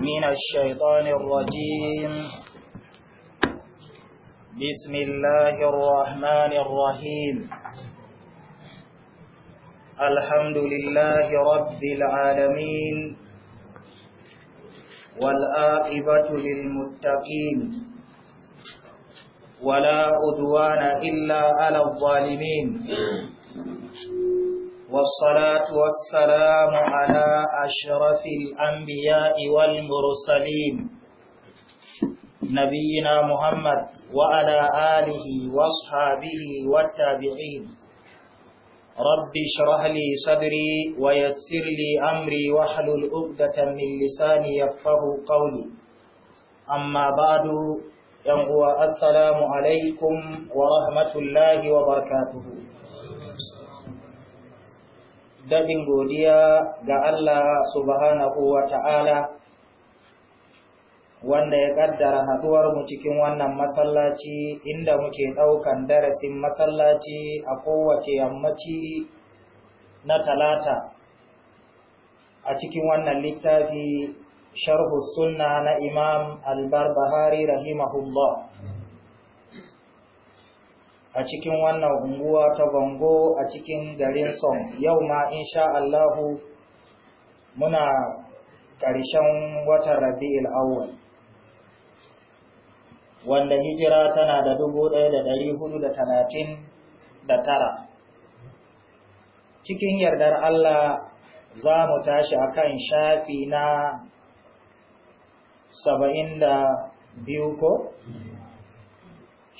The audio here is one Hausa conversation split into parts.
من الشيطان الرجيم بسم الله الرحمن الرحيم الحمد لله رب العالمين والآئبة للمتقين ولا أدوان إلا على الظالمين والصلاة والسلام على أشرف الأنبياء والمرسلين نبينا محمد وعلى آله واصحابه والتابعين رب اشرح لي صدري ويسر لي أمري واحلل الأبدة من لساني يفقه قولي أما بعد ينقوى السلام عليكم ورحمة الله وبركاته daɗin godiya ga Allah subhanahu wa ta'ala wanda ya ƙaddara haɗuwarmu cikin wannan masallaci inda muke ɗaukan darasin masallaci a kowace yammaci na talata a cikin wannan littafi sharhu sunna na imam albarbahari rahimahullah a cikin wannan unguwa ta bango a cikin garin son yau ma insha Allahu muna ƙarshen watan rabi'il awwal wanda hijira tana da dubu ɗaya da ɗari hudu da talatin da tara cikin yardar Allah za mu tashi a kan shafi na saba'in da biyu ko?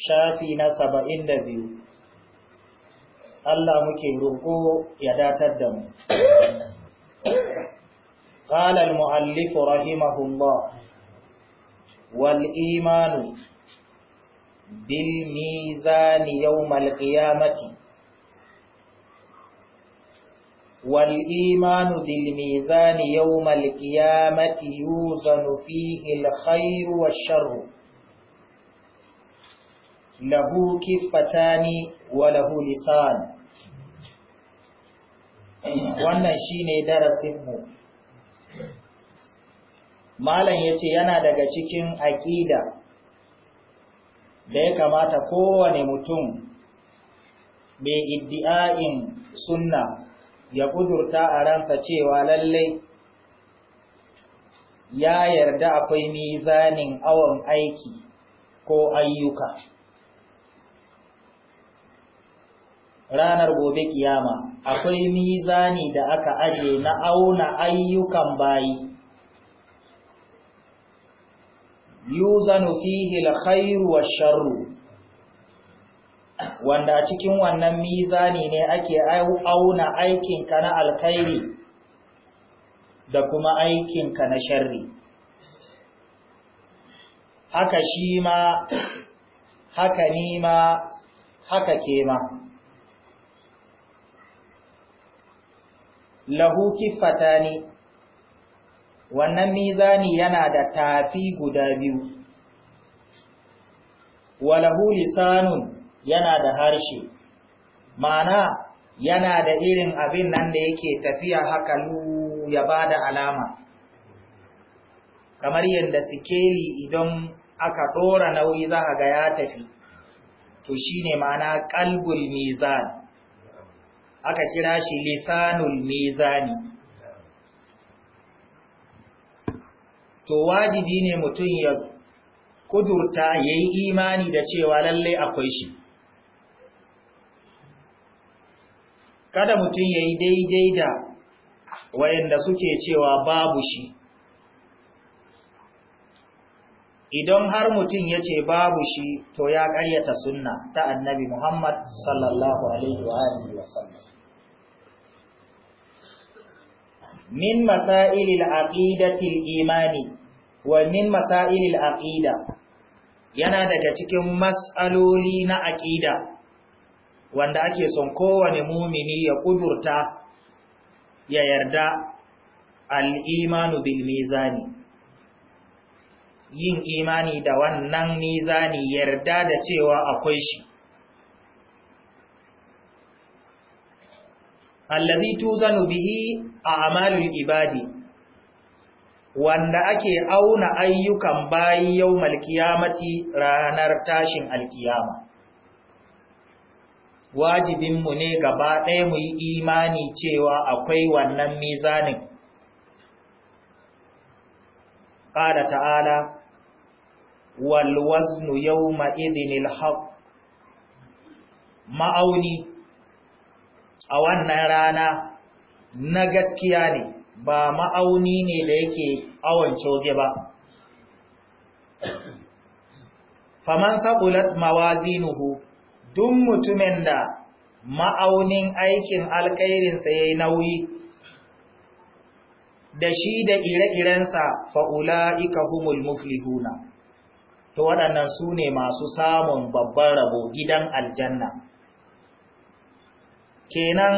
shafi na saba'in da biyu Allah muke roƙo ya datar da mu قال المؤلف رحمه الله والإيمان بالميزان يوم القيامة والإيمان بالميزان يوم القيامة يوزن فيه الخير والشر lahu kiffatani wa lahu lisan wannan shine darasinmu malam yace yana daga cikin aqida da ya kamata kowane mutum mai iddi'ain sunna ya kudurta a ransa cewa lallai ya yarda akwai mizanin awon aiki ko ayyuka ranar gobe kiyama akwai mizani da aka aje na auna ayyukan bayi yuzanu fihi alkhairu washarru wanda a cikin wannan mizani ne ake auna aikinka na alkhairi da kuma aikin ka na sharri haka shi ma haka ni ma haka ke ma lahu kiffatani wannan mizani yana da tafi guda biyu walahu lisanun yana da harshe ma'ana yana da irin abin nan da yake tafiya haka lu ya bada alama kamar yadda sikeli idan aka dora nauyi za ga ya tafi to shine ma'ana qalbul mizan aka kira shi lisanul mizani to wajibi ne mutum ya kudurta ya yi imani da cewa lallai akwai shi kada mutum ya yi daidai da wayanda suke cewa babu shi idan har mutum ya ce babu shi to ya karyata sunna ta annabi muhammad sallallahu alaihi wa min masailil aqidatil imani wa min masailil aqida yana daga cikin mas'aloli na aqida wanda ake son kowane mumini ya kudurta ya yarda al-imanu bil mizani yin imani da wannan mizani yarda da cewa akwai shi allazi tuzanu bihi a'malul ibadi wanda ake auna ayyukan bayi yawmal qiyamati ranar tashin alkiyama wajibin mu ne gaba ɗaya mu yi imani cewa akwai wannan mizanin qala ta'ala wal waznu yawma idhinil haqq ma'auni a wannan rana na gaskiya ne ba ma'auni ne da yake awon coge ba faman sabulat mawazinuhu duk mutumin da ma'aunin aikin alkairinsa yi nauyi da shi da ire-irensa fa'ula'ika humul muflihuna to waɗannan su ne masu samun babban rabo gidan aljanna kenan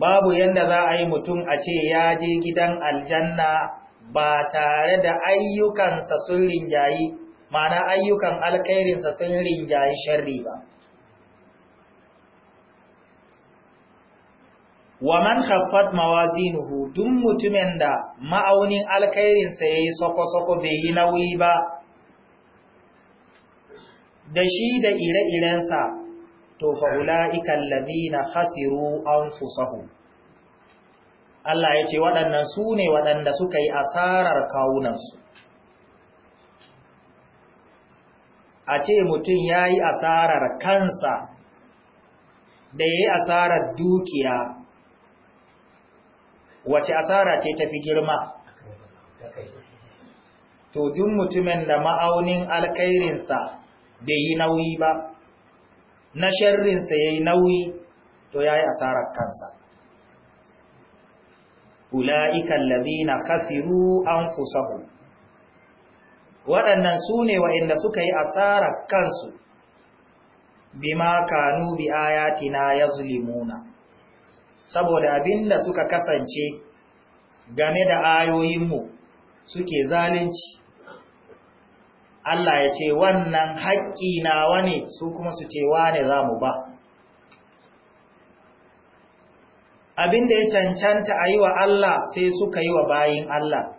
babu yadda za a yi mutum a ce ya je gidan aljanna ba tare da ayyukansa sun rinjayi mana ayyukan alkairinsa sun rinjayi sharri ba wa man khaffat mawazinuhu duk mutumin da ma'aunin alkairinsa yayi soko-soko bai yi nauyi ba da shi da ire-irensa to fa'ula'ika allazina khasiru fusahu. Allah ya ce waɗannan su ne waɗanda suka yi asarar kawunansu a ce mutum ya yi asarar kansa da ya yi asarar dukiya wace asara ce tafi girma to duk mutumin da ma'aunin alkairinsa bai yi nauyi ba na sharrinsa ya yi nauyi to ya yi asarar kansa ula'ikan lalina khasiru an fusahu waɗannan su ne wa'inda suka yi asarar kansu bima kanu bi ayatina ya zulimuna saboda abinda suka kasance game da ayoyinmu suke zalunci Allah ya ce wannan haƙƙi nawa ne su kuma su ce wane za mu ba abin da ya cancanta a yi wa Allah sai suka yi wa bayin Allah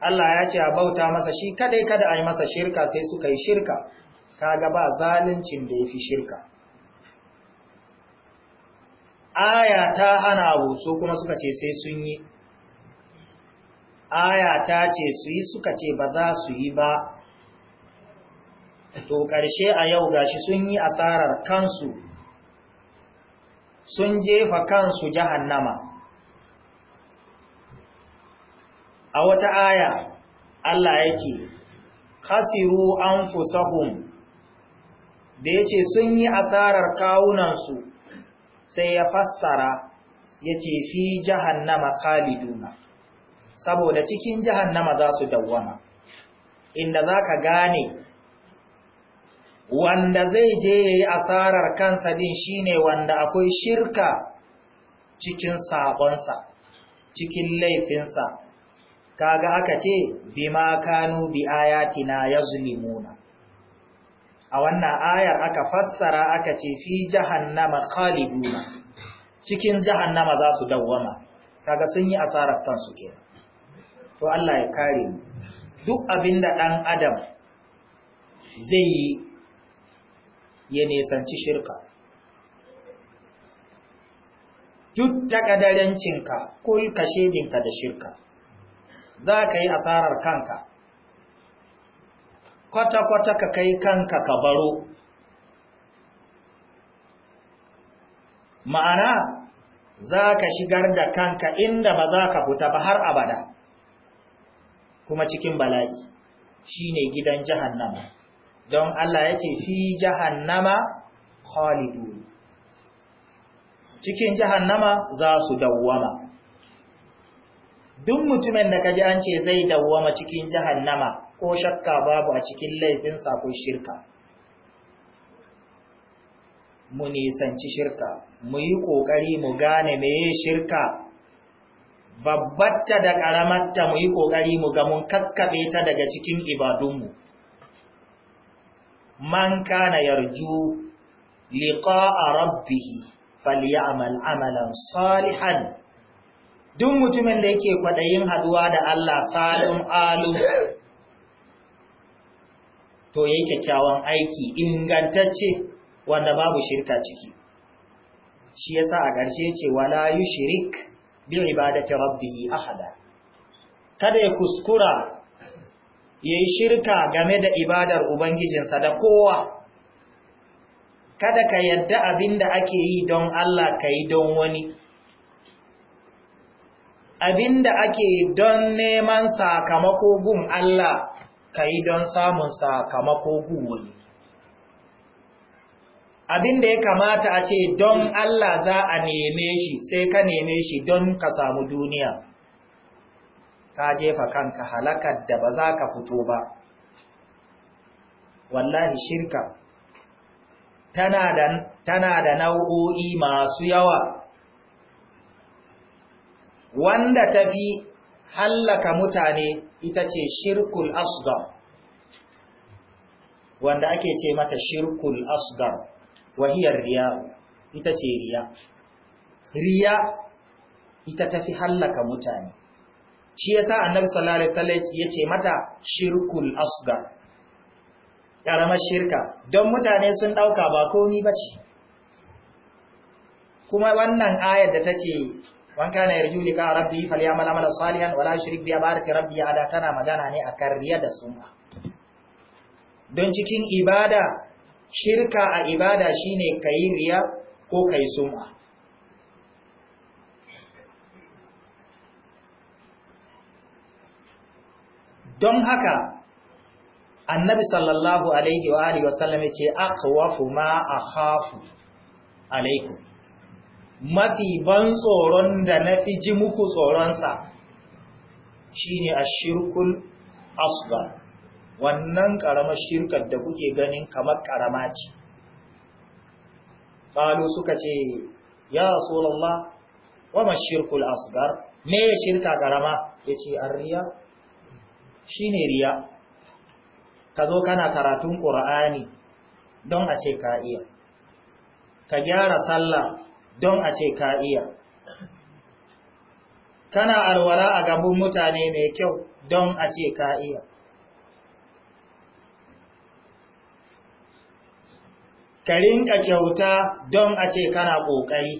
Allah ya ce a bauta masa shi kadai kada a yi masa shirka sai suka yi shirka kaga ba zaluncin da ya fi shirka aya ta hana abu su kuma suka ce sai sun yi aya ta ce su yi suka ce ba za su yi ba to ƙarshe a yau gashi sun yi asarar kansu sun jefa kansu jahannama a wata aya Allah ya ce khasiru anfusahum da ya ce sun yi asarar kawunansu sai ya fassara ya ce fi jahannama khaliduna saboda cikin jahannama za su dawwama inda za ka gane wanda zai je ya yi asarar kansa din shine wanda akwai shirka cikin sabonsa cikin laifinsa kaga aka ce bima kanu bi ayatina zulimuna a wannan ayar aka fassara aka ce fi jahannama khaliduna cikin jahannama za su dawwama kaga sun yi asarar kansu kenan to Allah ya kare mu duk abin da ɗan adam zai yi ya nesanci shirka duk takadarancinka ko kashedinka da shirka za ka yi asarar kanka kwata-kwata ka kai kanka ka baro ma'ana za ka shigar da kanka inda ba za ka fita ba har abada kuma cikin bala'i shine gidan jahannama don Allah ya ce fi jahannama khalidun cikin jahannama za su dawwama duk mutumin da kaji an ce zai dawwama cikin jahannama ko shakka babu a cikin laifinsa ko shirka mu nisanci shirka mu yi ƙoƙari mu gane meye shirka babbatta da karamatta mu yi ƙoƙari mu ga mun kakkabe ta daga cikin ibadunmu. Man kana yarju liqa'a rabbihi falyamal amalan salihan duk mutumin da yake kwaɗayin haduwa da Allah salim alu to yayi kyakkyawan aiki ingantacce wanda babu shirka ciki shi yasa a ƙarshe ce wala yushrik bi ibadati rabbihi ahada kada ya kuskura yayi shirka game da ibadar ubangijinsa da kowa kada ka yadda abinda ake yi don Allah ka don wani abinda ake don neman sakamako gun Allah ka don samun sakamako gun wani abin da ya kamata a ce don Allah za a neme shi sai ka neme shi don ka samu duniya ka jefa kanka halakar da ba za ka fito ba wallahi shirka tana da, nau'o'i masu yawa wanda tafi hallaka mutane ita ce shirkul asgar wanda ake ce mata shirkul asgar wahiyar riya ita ce riya riya ita tafi hallaka mutane shi yasa annabi sallallahu alaihi wasallam yace mata shirkul asgar ƙaramar shirka don mutane sun ɗauka ba ba bace kuma wannan ayar da tace wanka na yarju lika rabbi ya'mal amala salihan wala yushrik bi ibadati rabbi ada tana magana ne akan riya da sunna don cikin ibada shirka a ibada shine kai riya ko kai sum'a don haka annabi sallallahu alaihi wa alihi wasallam ya ce akhwafu ma akhafu alaikum mafi ban tsoron da na fi ji muku tsoronsa shine ashirkul asghar wannan ƙaramar shirkar da kuke ganin kamar ƙarama ce ƙalo suka ce ya rasulallah wama shirkul asgar me ya shirka ƙarama ya ce an riya shi ne riya ka zo kana karatun ƙura'ani don a ce ka iya ka gyara sallah don a ce ka iya kana alwala a gaban mutane mai kyau don a ce ka iya ka rinka kyauta don a ce kana ƙoƙari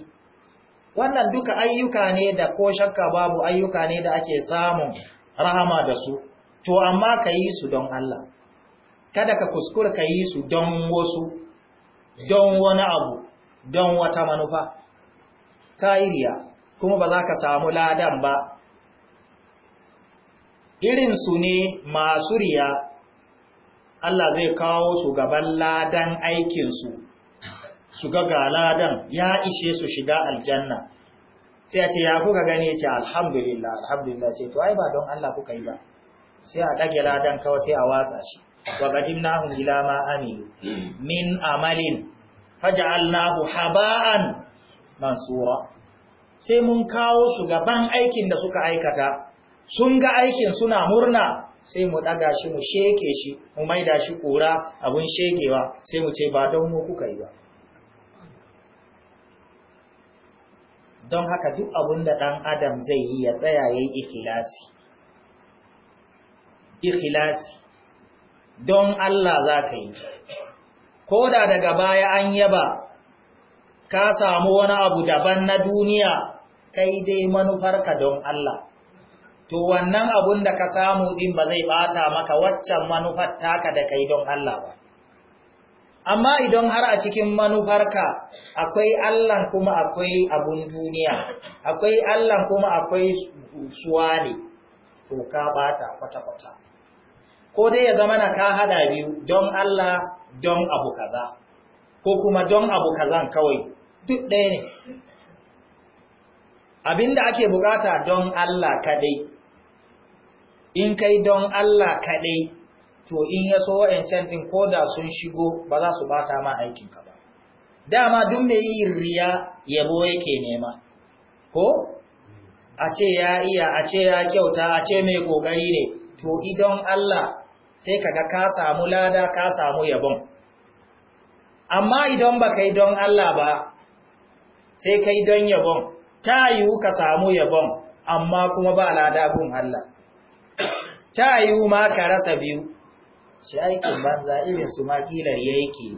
wannan duka ayyuka ne da ko shakka babu ayyuka ne da ake samun rahama da su to amma ka yi su don Allah kada ka kuskura ka yi su don wasu don wani abu don wata manufa iriya, kuma ba za ka samu ladan ba irinsu ne masu riya Allah zai kawo su gaban ladan aikinsu su ga ga ladan ya ishe su shiga aljanna sai a ce ya kuka gani ce alhamdulillah alhamdulillah ce to ai ba don Allah kuka yi ba sai a ɗage ladan kawai sai a watsa shi wa qadimnahum ila ma Aminu. min amalin faj'alnahu haba'an mansura sai mun kawo su gaban aikin da suka aikata sun ga aikin suna murna sai mu ɗaga shi mu sheke shi mu maida shi ƙura abin shekewa sai mu ce ba don kuka yi ba don haka duk abin da ɗan adam zai yi ya tsaya ya yi ikilasi ikilasi don Allah za ka yi ko da daga baya an yaba ka samu wani abu daban na duniya kai dai manufarka don Allah to wannan abun da ka samu din ba zai bata maka waccan manufar taka da kai don Allah ba amma idan har a cikin manufarka akwai Allah kuma akwai abun duniya akwai Allah kuma akwai suwa ne to ka bata kwata-kwata ko dai ya zama na ka hada biyu don Allah don abu kaza ko kuma don abu kazan kawai duk ɗaya ne abinda ake bukata don Allah kadai in kai don Allah kaɗai to in ya so wa'yancan ɗin ko da sun shigo ba za su bata ma aikinka ba dama duk mai yin riya yabo yake nema ko a ce ya iya a ce ya kyauta a ce mai ƙoƙari ne to idan Allah sai kaga ka samu lada ka samu yabon amma idan ba kai don Allah ba sai kai don yabon ta yiwu ka samu yabon amma kuma ba lada gun Allah ta yiwu ma ka rasa biyu shi aikin banza irin su ma kilar ya yake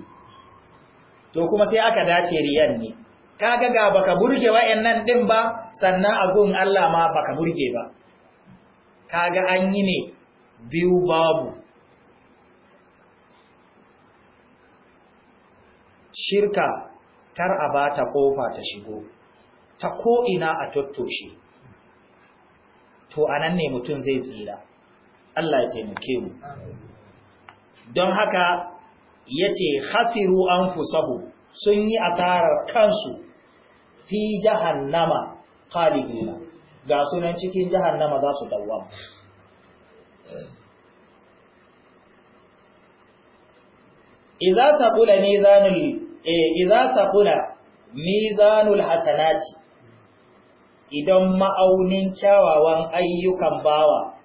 to kuma sai aka dace riyan ne kaga ga baka burge wayannan ɗin ba sannan a gun Allah ma baka burge ba kaga an yi ne biyu babu shirka kar a ba ta kofa ta shigo ta ko'ina ina a tattoshe to anan ne mutum zai tsira Allah ya taimake mu don haka yace khasiru anfusahu sun yi asarar kansu fi jahannama khalidina ga sunan cikin jahannama za su dawwa idza taqula mizanul eh, mizanul hasanati idan ma'aunin kyawawan ayyukan bawa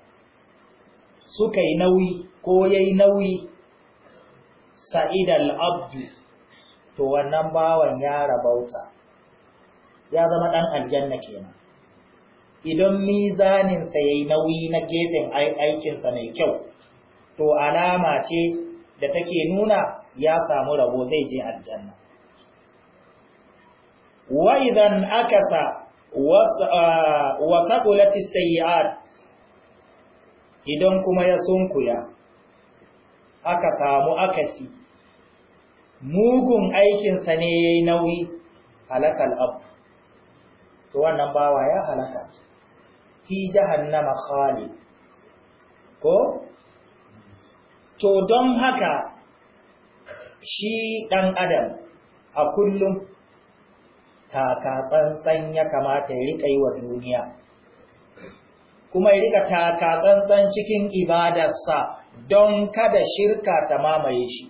suka yi nauyi ko ya yi nauyi sa'idal abdu to wannan bawan ya rabauta ya zama ɗan aljanna kenan idan mizaninsa ya yi nauyi na gefen aikinsa mai kyau to alama ce da take nuna ya samu rabo zai je aljanna wa idan akasa wasaƙulati uh, sayi'ad idan kuma ya sunkuya aka samu akasi mugun aikinsa ne ya yi nauyi halakal abu to wannan bawa ya halaka fi jahannama khali ko to don haka shi ɗan adam a kullum ta ka tsantsan ya kamata ya riƙa yi wa duniya kuma ya rika takatsantsan cikin ibadarsa don kada shirka ta mamaye shi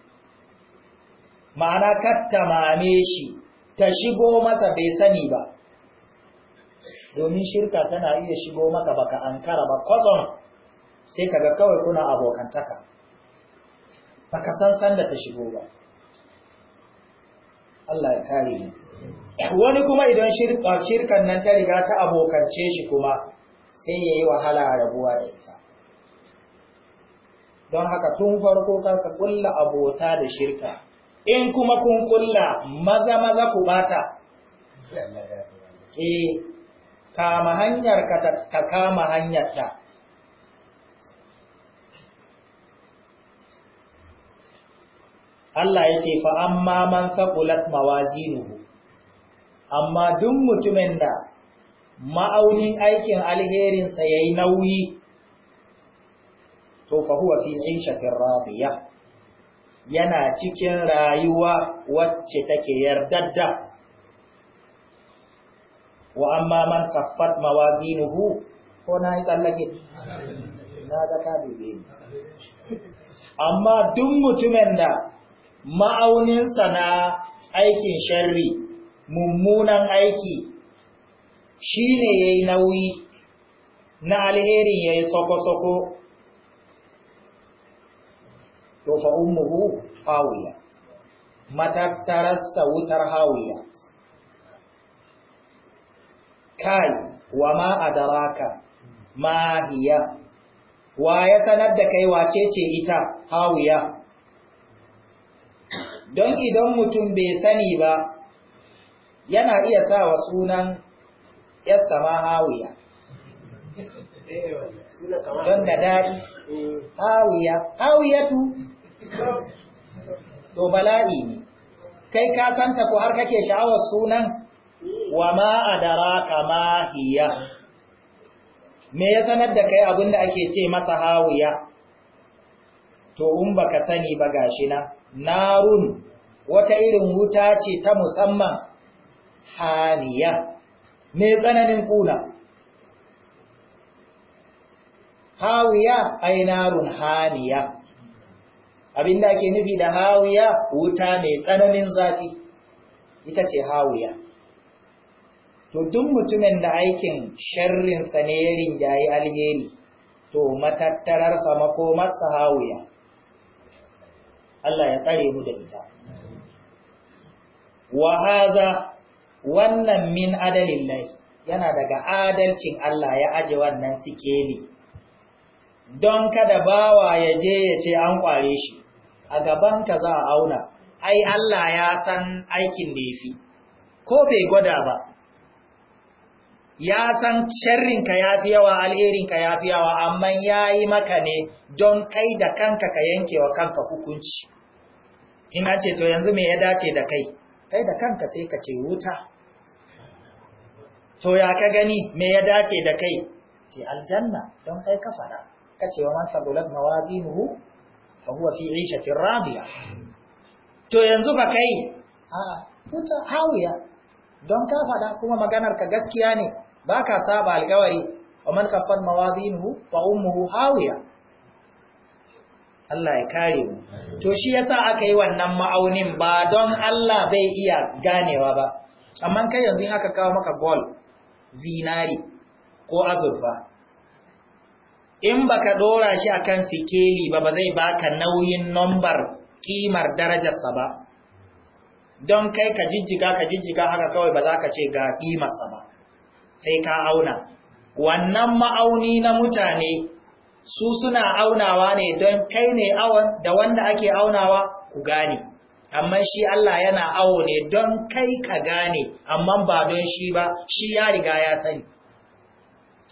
ma'ana katta mame shi ta shigo masa bai sani ba domin shirka tana iya shigo maka baka ankara ba kwatsam sai kaga kawai kuna abokantaka baka san sanda ta shigo ba Allah ya kare ni wani kuma idan shirkan nan ta riga ta abokance shi kuma sai ya yi wahala a rabuwa da ita don haka tun farko karka kulla abota da shirka in kuma kun kulla maza maza ku bata eh kama hanyar ka kama hanyar ta Allah ya ce fa amma man faqulat mawazinuhu amma duk mutumin da ma'aunin aikin alherinsa ya yi nauyi to fahuwa fi shafin radiya yana cikin rayuwa wacce take yardadda wa amma man kafat mawazinuhu ko na yi na ga dube amma duk mutumin da ma'auninsa na aikin sharri mummunan aiki shi ne ya yi nauyi na alherin ya yi soko-soko to fa’un muhu hawiya matattararsa wutar hawiya kai wa ma adaraka ma hiya wa ya sanar da kai wace ce ita hawiya don idan mutum bai sani ba yana iya sa wa sunan yadda ma hawiya don da daɗi hawiya hawiyatu to bala'i ne kai ka santa ko har kake sha'awar sunan wa ma adaraka ma hiya me ya sanar da kai abinda ake ce masa hawiya to in baka sani ba gashi na narun wata irin wuta ce ta musamman haniya mai tsananin kuna hawiya ainarun haniya abinda ake nufi da hawiya wuta mai tsananin zafi ita ce hawiya to duk mutumin da aikin sharrinsa ne ya rinjayi alheri to matattararsa makomarsa hawiya Allah ya tsare mu da ita wa haza wannan min adalillahi yana daga adalcin Allah ya aje wannan sikeli don kada bawa ya je ya ce an kware shi a gaban ka za a auna ai Allah ya san aikin da yafi ko bai gwada ba ya san sharrinka ya fi yawa alherinka ya fi yawa amma ya yi maka ne don kai da kanka ka yanke wa kanka hukunci ina ce to yanzu me ya dace da kai kai da kanka sai ka ce wuta to ya ka gani me ya dace da kai ce aljanna don kai ka faɗa ka ce wa man sabulat mawazinuhu fa huwa fi 'ishatin radiya to yanzu fa kai a huta hawiya don ka faɗa kuma maganar ka gaskiya ne Ba ka saba alƙawari wa man kafat mawazinuhu fa ummuhu hawiya Allah ya kare mu to shi yasa aka yi wannan ma'aunin ba don Allah bai iya ganewa ba amma kai yanzu haka kawo maka goal zinari ko azurfa in baka dora shi akan sikeli ba ba zai baka nauyin nombar kimar darajarsa ba don kai ka jijjiga ka jijjiga haka kawai ba za ka ce ga kimarsa ba sai ka auna wannan ma'auni na mutane su suna aunawa ne don kai ne awon da wanda ake aunawa ku gane amma shi Allah yana awo ne don kai ka gane amma ba don shi ba shi ya riga ya sani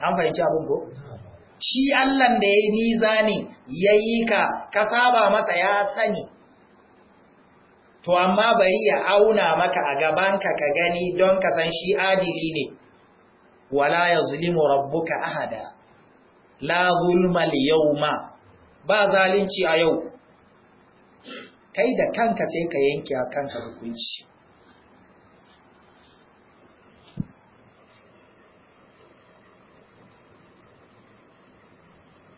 an fahimci abin ko shi Allah da ya yi mizanin ya yi ka ka saba masa ya sani to amma bari ya auna maka a gabanka ka gani don ka san shi adili ne wala ya zulimu rabbuka ahada la zulma yawma ba zalunci a yau kai da kanka sai ka yanke a kanka hukunci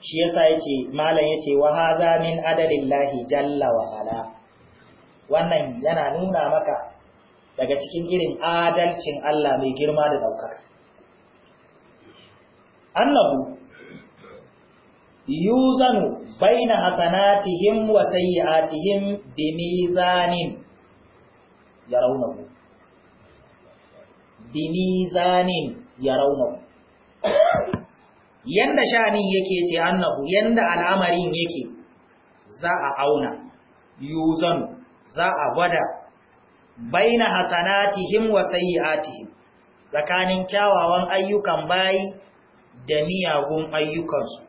shi yasa yace malam yace wa haza min adalillahi jalla wa ala wannan yana nuna maka daga cikin irin adalcin Allah mai girma da daukaka annahu yuzanu baina hasanatihim wa sayyi'atihim bimizanin yarawnahu bimizanin yarawnahu yanda sha'anin yake ce annahu yanda al'amarin yake za a auna yuzanu za a gwada baina hasanatihim wa sayyi'atihim tsakanin kyawawan ayyukan bayi da miyagun ayyukansu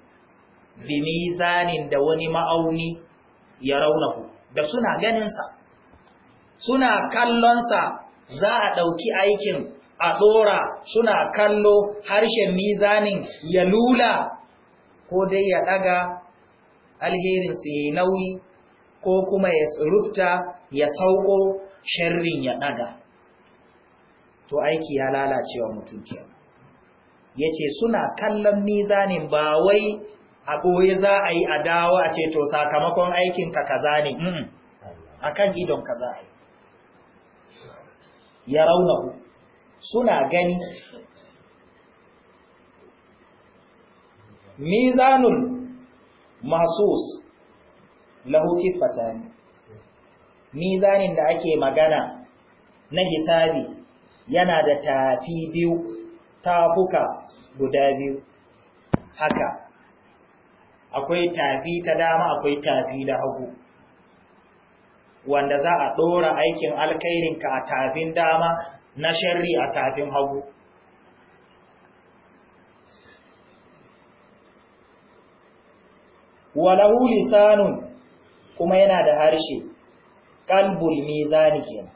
bi mizanin da wani ma'auni ya raunahu da suna ganinsa suna kallonsa za a ɗauki aikin a ɗora suna kallo harshen mizanin ya lula ko dai ya ɗaga alherinsu ya yi nauyi ko kuma ya rufta ya sauko sharrin ya ɗaga to aiki ya lalacewa mutum yace ya ce suna kallon mizanin ba wai a goye za a yi a dawo a ce to sakamakon aikinka kaza ne hmm. a kan idonka za a yi ya raunahu suna gani mizanul masus lahuki fatani mizanin da ake magana na hisabi yana da tafi biyu tafuka guda biyu haka akwai tafi ta dama akwai tafi da hagu wanda za a ɗora aikin alkairinka a tafin dama na sharri a tafin hagu walahu lisanun kuma yana da harshe kalbul mizani kenan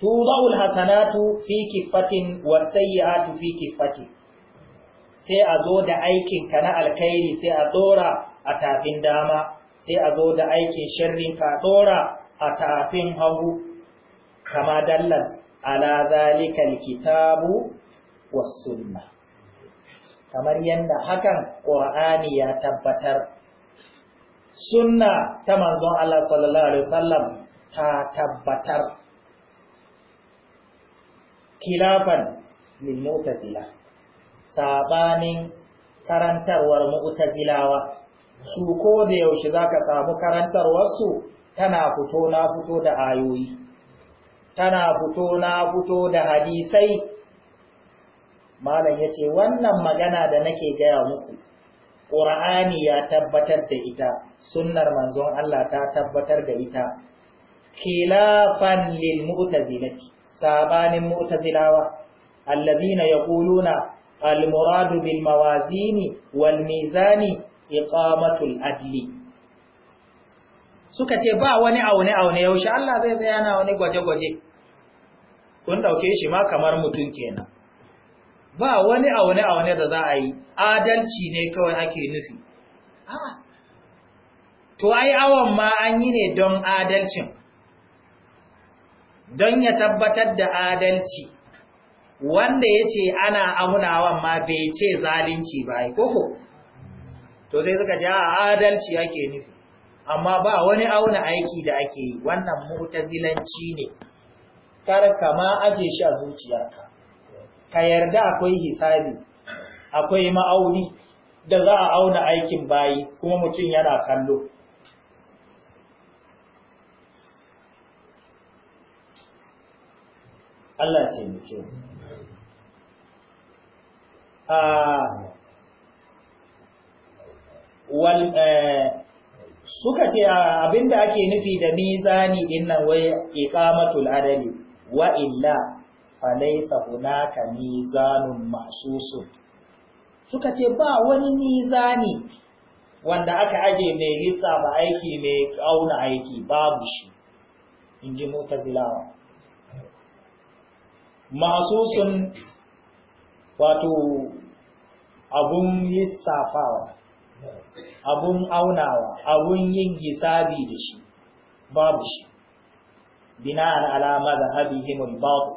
tudau alhasanatu fi kiffatin wasayyi'atu fi kiffatin sai a zo da aikinka na alkhairi sai a dora a tafin dama sai a zo da aikin sharrin a dora a tafin hagu kama dallan ala zalikal kitabu was sunna kamar yanda hakan qur'ani ya tabbatar sunna ta manzon Allah sallallahu alaihi wasallam ta tabbatar khilafan lil mu'tazila sabanin karantarwar mu'tazilawa su ko da yaushe zaka samu karantarwar su? tana fito na fito da ayoyi tana fito na fito da hadisai malam yace wannan magana da nake gaya muku Qur'ani ya tabbatar da ita sunnar manzon Allah ta tabbatar da ita khilafan lil mu'tazilati sabanin mu'tazilawa alladhina yaquluna Almuradu bin bil mawazini wal mizani iqamatul adli suka ce ba wani aune aune yaushe Allah zai tsaya na wani gwaje-gwaje kun ɗauke shi ma kamar mutum kenan ba wani aune aune da za a yi adalci ne kawai ake nufi to ai awon ma an yi ne don adalcin don ya tabbatar da adalci wanda ya ce ana aunawan ma bai ce zalunci ba yi koko to sai suka ce a adalci ake nufi amma ba wani auna aiki da ake yi wannan zilanci ne kar kama aje shi a zuciyarka ka yarda akwai hisabi akwai ma'auni da za a auna aikin bayi kuma mutum yana kallo Allah ce mutum suka ce ah, abinda ake nufi da mizani din nan wai iqamatul adali wa illa falaysa hunaka mizanun mahsusun suka ce ba wani mizani wanda aka aje mai ba aiki mai kauna aiki babu shi inji mutazilawa mahsusun wato abun lissafawa abun aunawa abun yin hisabi da shi babu shi bina'an da mazhabihim al babu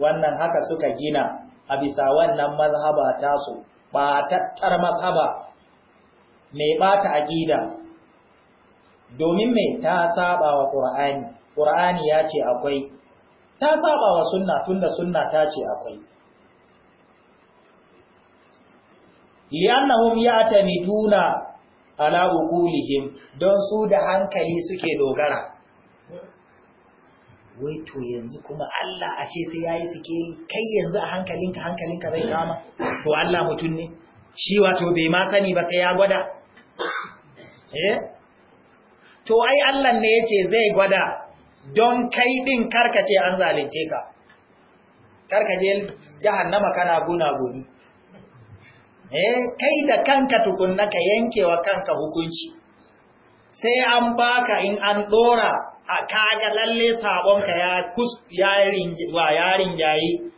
wannan haka suka gina a bisa wannan mazhaba tasu ba mazhaba mai bata aqida domin me ta saba wa qur'ani qur'ani ya akwai ta saba wa sunna tunda sunna tace ce akwai li'annahum ya'tamiduna ala uqulihim don su da hankali suke dogara wai to yanzu kuma Allah a ce sai yayi suke kai yanzu a hankalinka hankalinka zai kama to Allah mutun ne shi wato bai ma sani ba sai ya gwada eh to ai Allah ne yace zai gwada don kai din karkace an zalunce ka karkaje jahannama kana guna guni eh kai da kanka tukunna ka yankewa kanka hukunci sai an baka in an ɗora a kaga lalle sabonka ya kus ya ya ringayi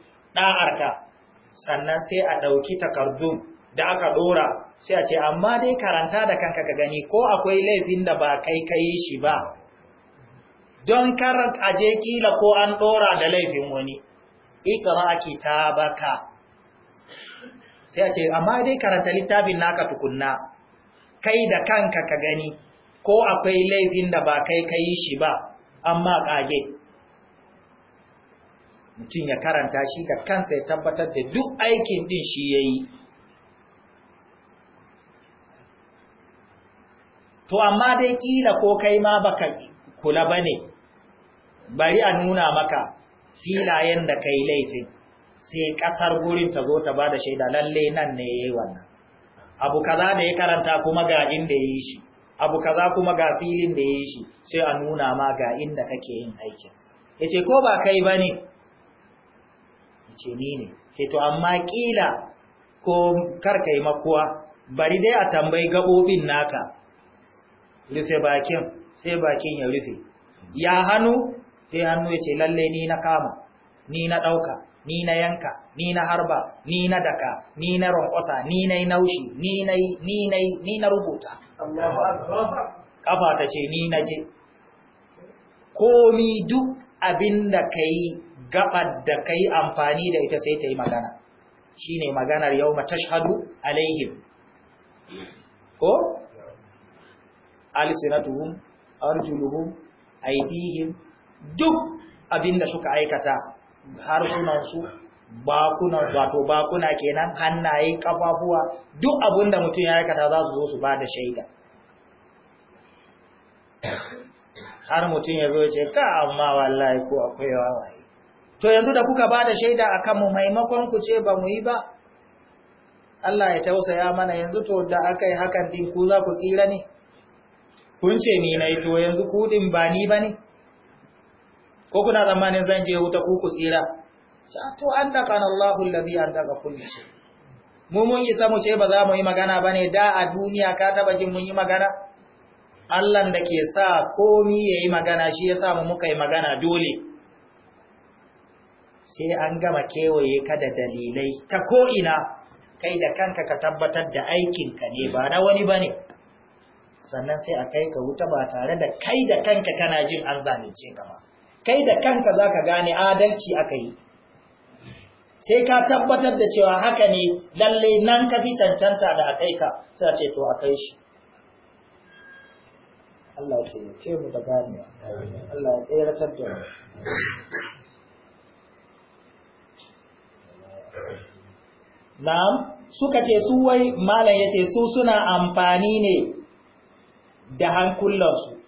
sannan sai a ɗauki takardun da aka ɗora, sai a ce amma dai karanta da kanka ka gani ko akwai laifin da ba kai kai shi ba don kar je kila ko an ɗora da laifin wani ikra kitabaka sai a ce amma dai karanta littafin naka tukunna kai da kanka ka gani ko akwai laifin da ba kai kai shi ba amma kage mutum ya karanta shi da kansa ya tabbatar da duk aikin din shi yayi to amma dai kila ko kai ma baka kula bane bari a nuna maka filayen da kai laifin sai kasar gurin ta zo ta ba da shaida lalle nan ne ya yi wannan abu kaza da ya karanta kuma ga inda ya yi shi abu kaza kuma ga filin da ya yi shi sai a nuna ma ga inda kake yin aikin ya ce ko ba kai ba ne ya ce ni ne ke to amma kila ko kar karkai makuwa bari dai a tambayi gaɓoɓin naka rufe bakin sai bakin ya rufe ya hannu sai hannu ya ce lalle ni na kama ni na ɗauka ni na yanka ni na harba ni na daka ni na ronkosa ni na naushi ni na ni ni na rubuta kafa ta ce ni na je komi duk abin da ka yi gabar da ka yi amfani da ita sai ta yi magana Shi ne maganar yau matashhadu alaihim ko alisinatuhun arjuluhun aidihim duk abin da suka aikata harsunansu bakuna wato bakuna kenan hannaye kafafuwa duk abin da mutum ya aikata za su zo su ba da shaida har mutum ya zo ce ka amma wallahi ko akwai wawaye to yanzu da kuka ba da shaida a kanmu maimakon ku ce ba mu yi ba Allah ya tausaya mana yanzu to da aka yi hakan din ku za ku tsira ne kun ce ni na to yanzu ku din ba ni ba ko kuna tsammanin zan je wuta ku ku tsira ah, to an Allahu allazi an kulli shay mu mun isa mu ce ba za mu yi magana bane da a duniya ka taba jin mun yi magana Allah da ke sa komi yayi magana shi yasa mu muka yi magana dole sai an gama kewaye ka da dalilai ta ko ina kai da kanka ka tabbatar da aikin ka ne ba na wani ba sannan sai a kai ka wuta ba tare da kai da kanka kana jin an zalunce ka ba kai da kanka za ka gane adalci aka yi sai ka tabbatar da cewa haka ne lalle nan ka fi cancanta da aka yi ka sai ce to aka yi shi Allah ya ke mu da gane Allah ya da mu na'am suka ce su wai malam yace su suna amfani ne da hankulansu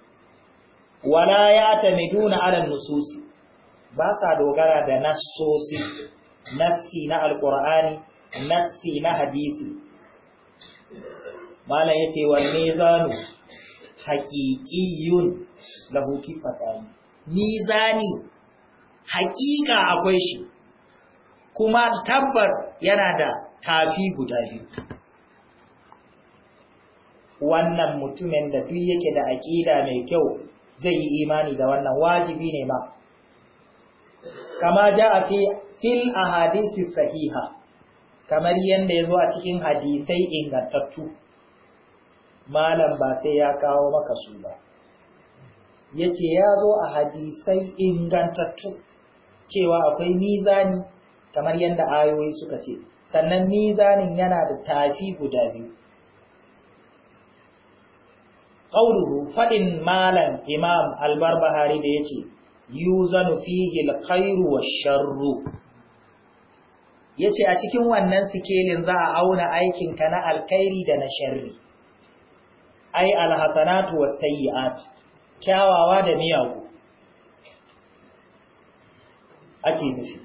wala ya duna ala nususi ba sa dogara da nassosi nassi na alqur'ani nassi na hadisi mala yace haƙiƙiyun mizanu haqiqiyun lahu kifatan mizani haqiqa akwai shi kuma tabbas yana da tafi guda biyu wannan mutumin da duk yake da aƙida mai kyau zai yi imani da wannan wajibi ne ma kama ja a fi fil hadisi sahiha kamar yadda ya zo a cikin hadisai ingantattu malam ba sai ya kawo maka su ba ya ce ya zo a hadisai ingantattu cewa akwai mizani kamar yadda ayoyi suka ce sannan mizanin yana da tafi guda biyu qawluhu fadin malam imam albarbahari da yace yuzanu fihi al-khairu sharru yace a cikin wannan sikelin za a auna aikin ka na alkhairi da na sharri ai al-hasanatu kyawawa da miyagu ake nufi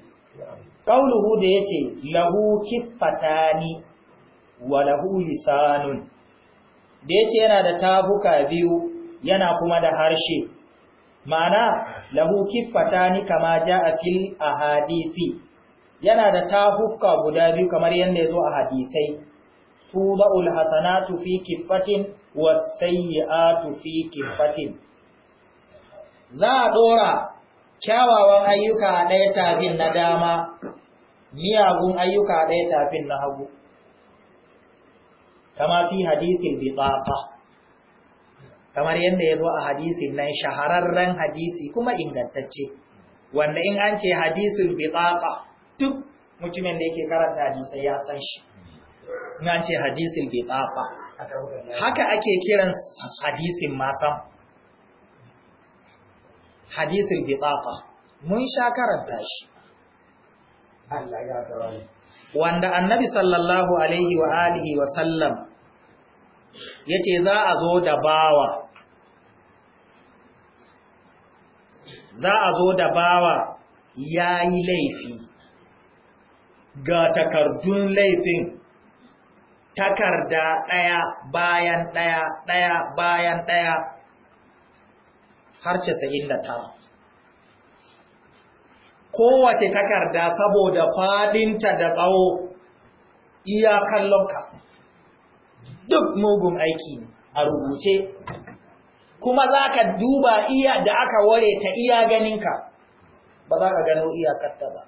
qawluhu da yace lahu kiffatani wa lahu lisanun da yace yana da tafuka biyu yana kuma da harshe ma'ana lahu ni kama jaa fil ahadisi yana da tabuka guda biyu kamar yanda yazo a hadisai tuba'ul hasanatu fi kiffatin tsayi-a fi kiffatin za a dora kyawawan ayyuka ɗaya tafin na dama miyagun ayyuka ɗaya tafin na hagu kama fi hadisin bitaqa kamar yadda ya zo a hadisin nan shahararren hadisi kuma ingantacce wanda in an ce hadisin bitaqa duk mutumin da yake karanta hadisai ya san shi in an ce hadisin bitaqa haka ake kiran hadisin masam hadisin bitaqa mun sha karanta shi Allah ya wanda annabi sallallahu alaihi wa alihi wa sallam ya ce za a zo da bawa za a zo da bawa ya yi laifi ga takardun laifin takarda ɗaya bayan ɗaya ɗaya bayan ɗaya har 99 kowace takarda saboda fadinta da tsawo iya duk mugun aiki a rubuce kuma za ka duba iya da aka ware ta iya ganinka ba za ka gano iyakarta ba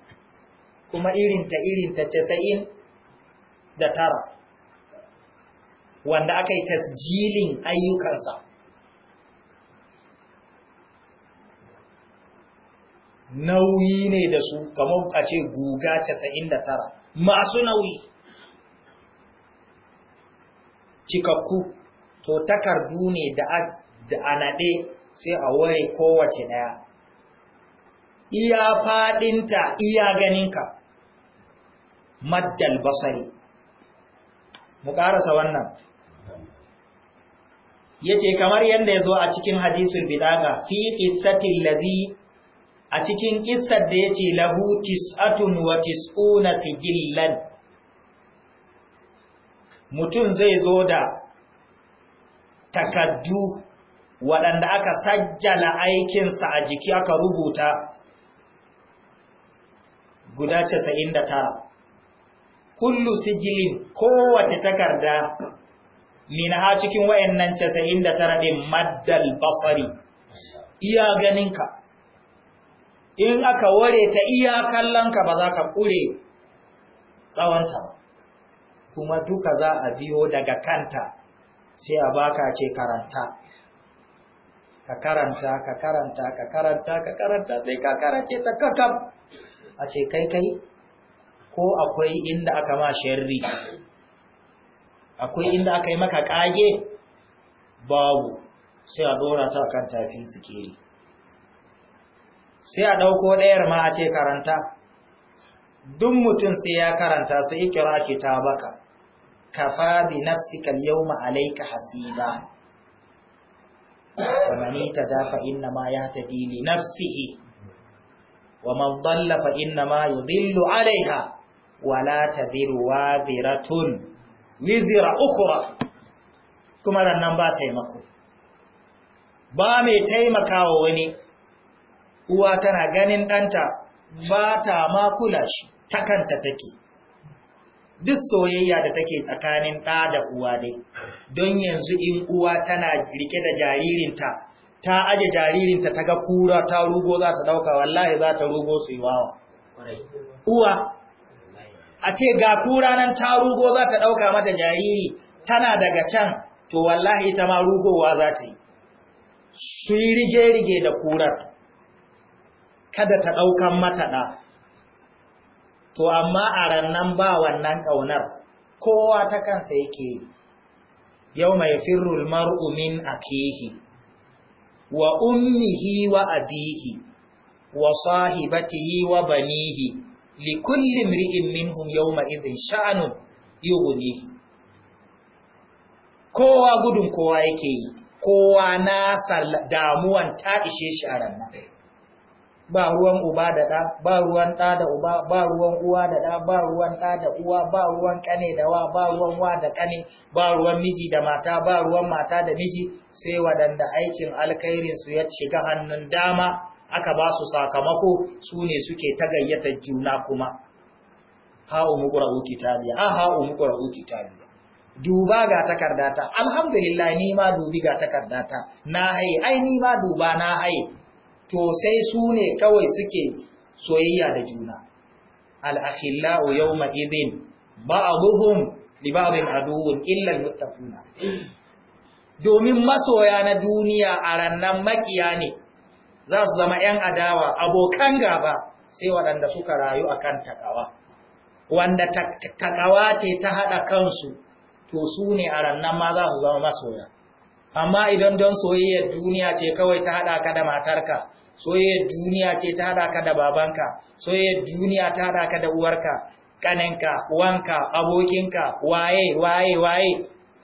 kuma irinta irinta casa'in da tara wanda aka yi tasjilin ayyukansa nauyi ne da su kamar a ce guga 99 masu nauyi cikakku to takardu ne da a naɗe sai a ware kowace ɗaya iya faɗinta iya ganinka maddal basari mu ƙarasa wannan yace kamar yadda ya zo a cikin hadisin bidaga fi qissatil ladhi a cikin kissar da ya lahu tis'atun wa tis'una sijillan mutum zai zo da takaddu waɗanda aka sajjala aikinsa a jiki aka rubuta guda 99 kullu sijilin kowace takarda ha cikin wayannan 99 din maddal basari iya ganinka in aka ware ta iya kallonka ba za ka ƙure tsawonta ba kuma duka za a biyo daga kanta sai a baka ce karanta ka karanta ka karanta ka karanta ka karanta sai ka karance ta kakam a ce kai kai ko akwai inda aka ma sharri akwai inda aka yi maka kage babu sai a dora ta kan tafi zikiri. sai a ɗauko ɗayar ma a ce karanta duk mutum sai ya karanta su ikira kitabaka kafa ka nafsika yawma alayka hasiba wa ta dafa inna ma ya yahtadi li nafsihi wa man dalla fa inna ma yudillu alayha wa la tun wadiratun wizra ukura kuma nan ba taimako ba mai taimakawa wani uwa tana ganin ɗanta ba ta makula shi ta kanta take duk soyayya da take tsakanin ɗa da uwa dai don yanzu in uwa tana rike da jaririnta ta aje jaririnta ta ga kura ta rugo za ta ɗauka wallahi za ta rugo su yi wawa uwa a ce ga kura nan ta rugo za ta ɗauka mata jariri tana daga can to wallahi ta ma rugowa za ta yi su yi rige-rige da kurar kada ta ɗaukan mata ɗa to amma a rannan ba wannan ƙaunar kowa ta kansa yake yau mai firul mar'umin akehi wa ummihi wa abihi wa sahibatihi wa banihi kullum mri'in minhum yawma idhin sha'anun yughnihi kowa gudun kowa yake yi kowa nasa damuwan ta ishe shi a ranar ba ruwan uba da ɗa ba ruwan ɗa da uba ba ruwan uwa da ɗa ba ruwan ɗa da uwa ba ruwan ƙane da wa ba ruwan wa da ƙane ba ruwan miji da mata ba ruwan mata da miji sai waɗanda aikin alkhairin su ya shiga hannun dama aka ba su sakamako su ne suke ta juna kuma ha'u muqra'u kitabiya ha ha'u muqra'u kitabiya duba ga takardata alhamdulillah ni ma dubi ga takardata na haye ai ni ma duba na haye to sai su ne kawai suke soyayya da juna al'akhillau yawma idhin ba'dhum li ba'dhin aduwwun illa al-muttaquna domin masoya na duniya a rannan makiya ne za su zama ‘yan adawa abokan gaba sai waɗanda suka rayu a kan takawa wanda takawa ce ta haɗa kansu to su ne a rannan ma za su zama masoya amma idan don soyayyar duniya ce kawai ta haɗa ka da matarka soyayyar duniya ce ta haɗa ka da babanka soyayyar duniya ta haɗa ka da uwarka kaninka uwanka abokinka waye waye waye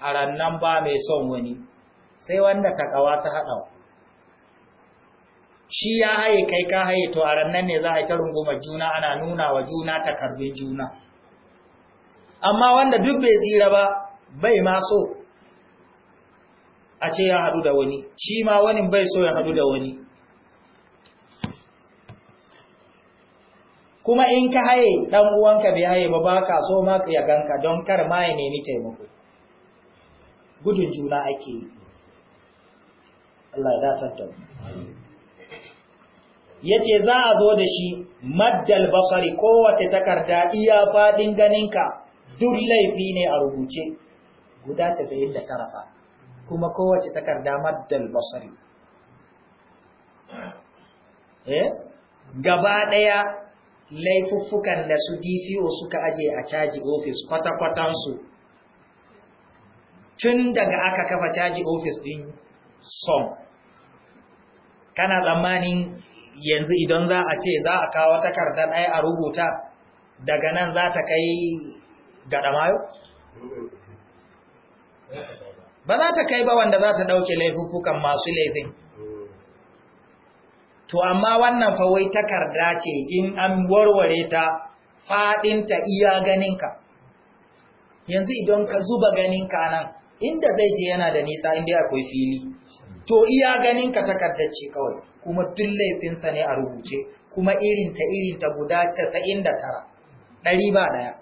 a rannan ba mai son wani sai wanda takawa ta haɗa shi ya haye kai ka haye to a rannan ne za a yi ta rungumar juna ana nuna wa juna takardun juna amma wanda duk bai tsira ba bai ma so a ce ya hadu da wani shi ma wani bai so ya haɗu da wani kuma in ka haye ɗan uwanka bai haye ba ba ka so ma ya ganka don kar ma ya nemi taimako gudun juna ake Allah ya datar da ya ce za a zo da shi maddal basari kowace takarda iya faɗin ganinka duk laifi ne a rubuce guda 99 kuma kowace takarda maddal basari eh gaba daya laifuffukan da su DFO suka aje a caji office kwata-kwatan su tun daga aka kafa caji office din som kana tsammanin yanzu idan za a ce za a kawo takardar ɗaya a rubuta daga nan za ta kai ga mayo? ba za ta kai ba wanda za ta ɗauke laifukan masu laifin to amma wannan fawai takarda ce in an warware ta faɗinta iya ganinka yanzu idan ka zuba ganinka nan inda zai je yana da nisa inda akwai fili to iya ganinka takardar ce kawai kuma duk laifinsa ne a rubuce kuma irinta irinta guda casa'in da tara ɗari ba ɗaya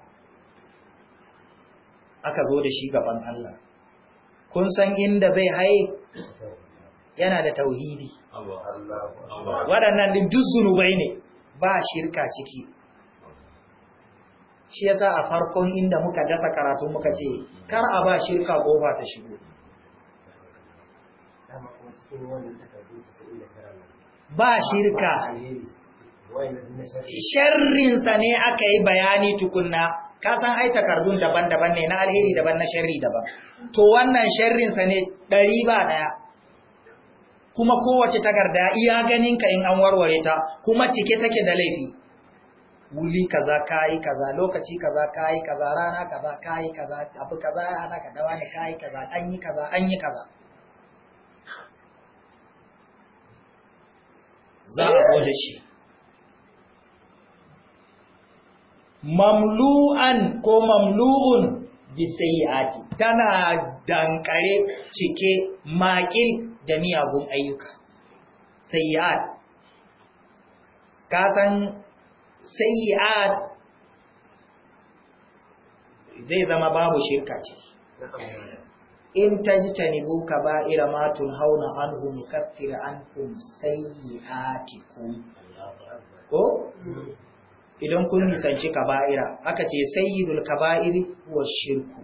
aka zo da shi gaban Allah kun san inda bai haye yana da tauhidi waɗannan duk zunubai ne ba shirka ciki shi ya a farkon inda muka dasa karatu muka ce kar a ba shirka gofa ta shigo ba shirka sharrinsa ne aka yi bayani tukunna ka san ai takardun daban-daban ne na alheri daban na sharri daban to wannan sharrinsa ne ɗari ba ɗaya kuma kowace takarda iya ganinka in an warware ta kuma cike take da laifi wuli kaza kayi kaza lokaci kaza kayi kaza rana kaza kayi kaza abu kaza ana ka dawa ne kayi kaza an yi kaza an yi kaza za a zo da shi mamlu'an ko mamlu'un bisayi'ati tana dankare cike makil da miyagun ayyuka sayi'at kasan sayi'at zai zama babu shirka ce in ta ji ta nibu ka ba'ira matun hauna an mu kafir an kun ko? idan kun nisanci kaba'ira aka ce sayyidul kaba'ir wa shirku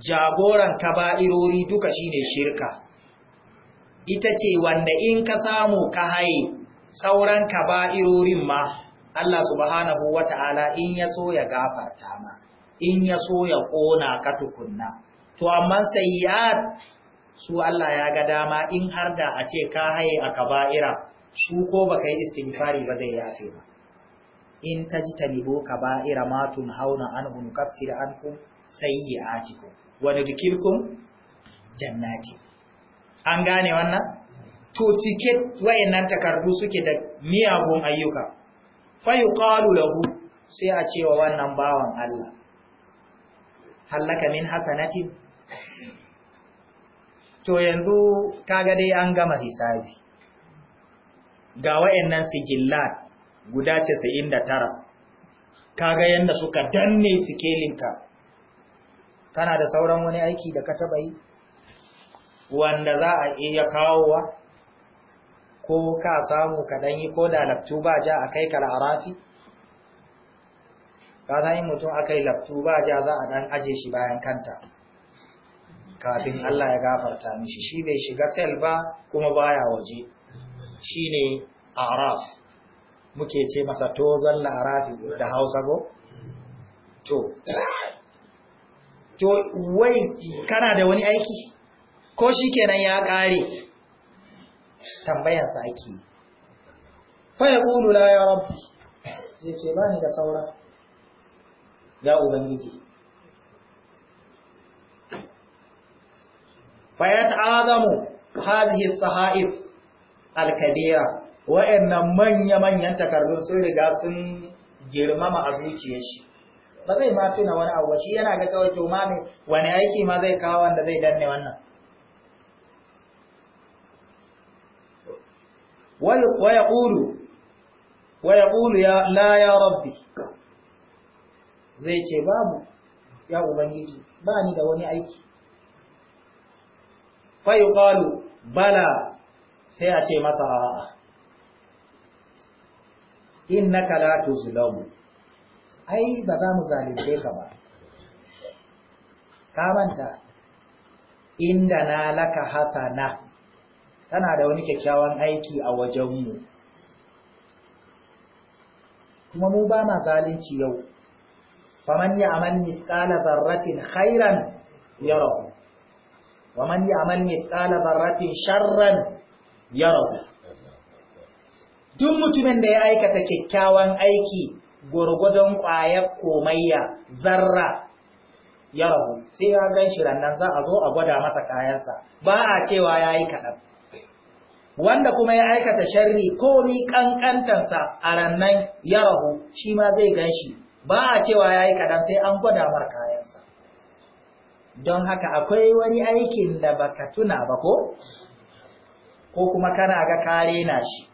jagoran kaba'irori duka shine shirka ita ce wanda in ka samu ka haye sauran kaba'irorin ma Allah subhanahu wata'ala in ya so ya gafarta ma in ya so ya kona ka tukunna to amma sayyi'at su Allah ya ga dama in har da a ce ka haye a kaba'ira su ko baka yi istighfari ba zai yafe ba in tajtanibu kaba'ira ma tunhauna anhu nukaffir ankum sayyi'atikum wa nudkilkum jannati an gane wannan to cike wayannan takardu suke da miyagun ayyuka fa yuqalu lahu sai a cewa wannan bawan Allah hallaka min hasanati to yanzu kaga dai an gama hisabi ga wayannan sigillat guda 99 kaga yanda suka danne sikelinka kana da sauran wani aiki da ka taba yi wanda za a iya kawowa ko ka samu ka dan yi ko da laftu ba ja akai kal arafi kana yin mutum akai laftu ba ja za a dan aje shi bayan kanta kafin Allah ya gafarta mishi shi bai shiga sel ba kuma baya waje shine araf muke ce masa to zalla arafi da hausa go? to to wai kana da wani aiki ko shi kenan ya ƙare aiki fa ya kulu la ya rabbi zai ce ba ni da saura ya ubangiji faya ta'azamu hadhihi sahaif al-kabira wa'annan manya-manyan takardun sun riga sun girmama a zuciyar shi ba zai ma tuna wani abu shi yana ga kawai to mame wani aiki ma zai kawo wanda zai danne wannan wa yaqulu wa yaqulu ya la ya rabbi zai ce babu ya ubangiji ba ni da wani aiki fa yuqalu bala sai a ce masa a'a na la zulamu ai ba za mu zalunce ka ba ka manta inda na laka hasana tana da wani kyakkyawan aiki a wajenmu kuma mu ba ma zalunci yau faman amal mithqala zarratin khairan yarahu wa man amal mithqala zarratin sharran yarahu Tun mutumin da ya aikata kyakkyawan aiki gwargwadon ƙwayar komayya zarra ya rahu sai ya gan shi rannan za a zo a gwada masa kayansa ba a cewa ya yi kaɗan wanda kuma ya aikata sharri ni ƙanƙantansa a rannan ya rahu shi ma zai gan shi ba a cewa ya yi kaɗan sai an gwada mar kayansa don haka akwai wani aikin da baka tuna ba ko ko kuma kana ga kare na shi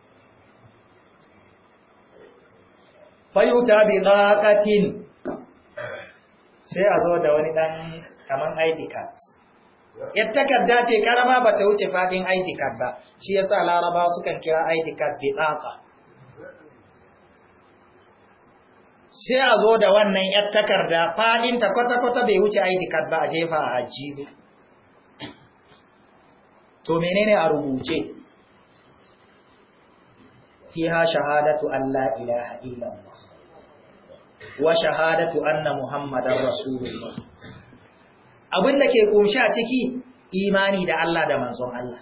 fayuta bi zaqatin sai a zo da wani dan kaman ID card yar takarda ce karama ba ta wuce fadin ID card ba shi yasa laraba sukan kira ID card bi sai a zo da wannan yar takarda fadin ta kwata kwata bai wuce ID card ba a jefa a ajiyu to menene a rubuce fiha shahadatu an la ilaha illallah wa shahadatu anna muhammadar rasulullah abin da ke kunshi a ciki imani da Allah da manzon Allah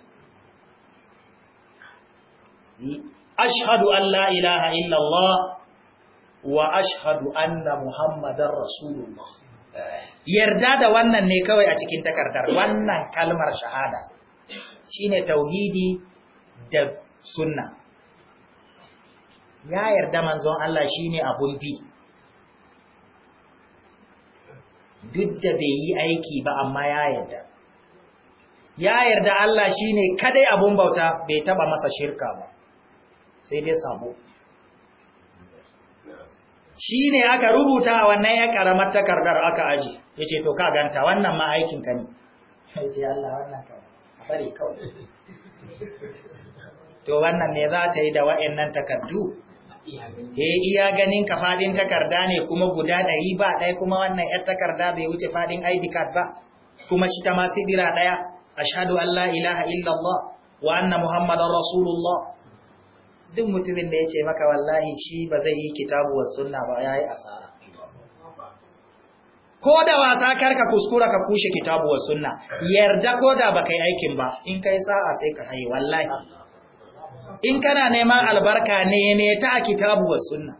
ashhadu an la ilaha illallah wa ashhadu anna muhammadar rasulullah yarda da wannan ne kawai a cikin takardar wannan kalmar shahada shine tauhidi da sunna ya yarda manzon Allah shine abun bi duk da bai yi aiki ba amma ya yarda ya yarda Allah shine kadai abun bauta bai taba masa shirka ba sai dai sabo shine aka rubuta wannan ya karamar takardar aka aji yace to ka ganta wannan ma aikin ka ne yace Allah wannan ka a bare kawai to wannan me za ta yi da wa'annan takardu eh iya ganin ka faɗin takarda ne kuma guda ɗari ba ɗaya kuma wannan yar takarda bai wuce faɗin ID card ba kuma shi ta ma sidira ɗaya ashhadu an ilaha illallah wa anna muhammadar rasulullah duk mutumin da ya ce maka wallahi shi ba zai yi kitabu wa sunna ba yayi asara ko da wasa karka kuskura ka kushe kitabu wa sunna yarda ko da baka yi aikin ba in kai sa'a sai ka haye wallahi in kana neman albarka neme ta a kitabu wa sunna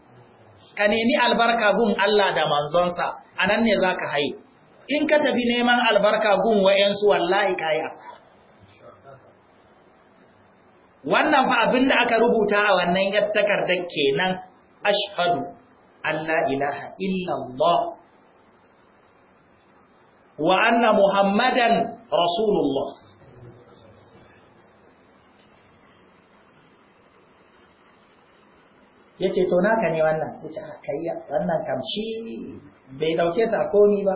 ka nemi albarka gun Allah da manzonsa a nan ne za ka haye in ka tafi neman albarka gun wa'yansu wallahi ka yi wannan fa abin da aka rubuta a wannan yar takardar kenan ashhadu Allah ilaha illallah wa anna muhammadan rasulullah ya ce to naka ne wannan ya ce ah, a kayya wannan kamshi bai dauke ta komi ba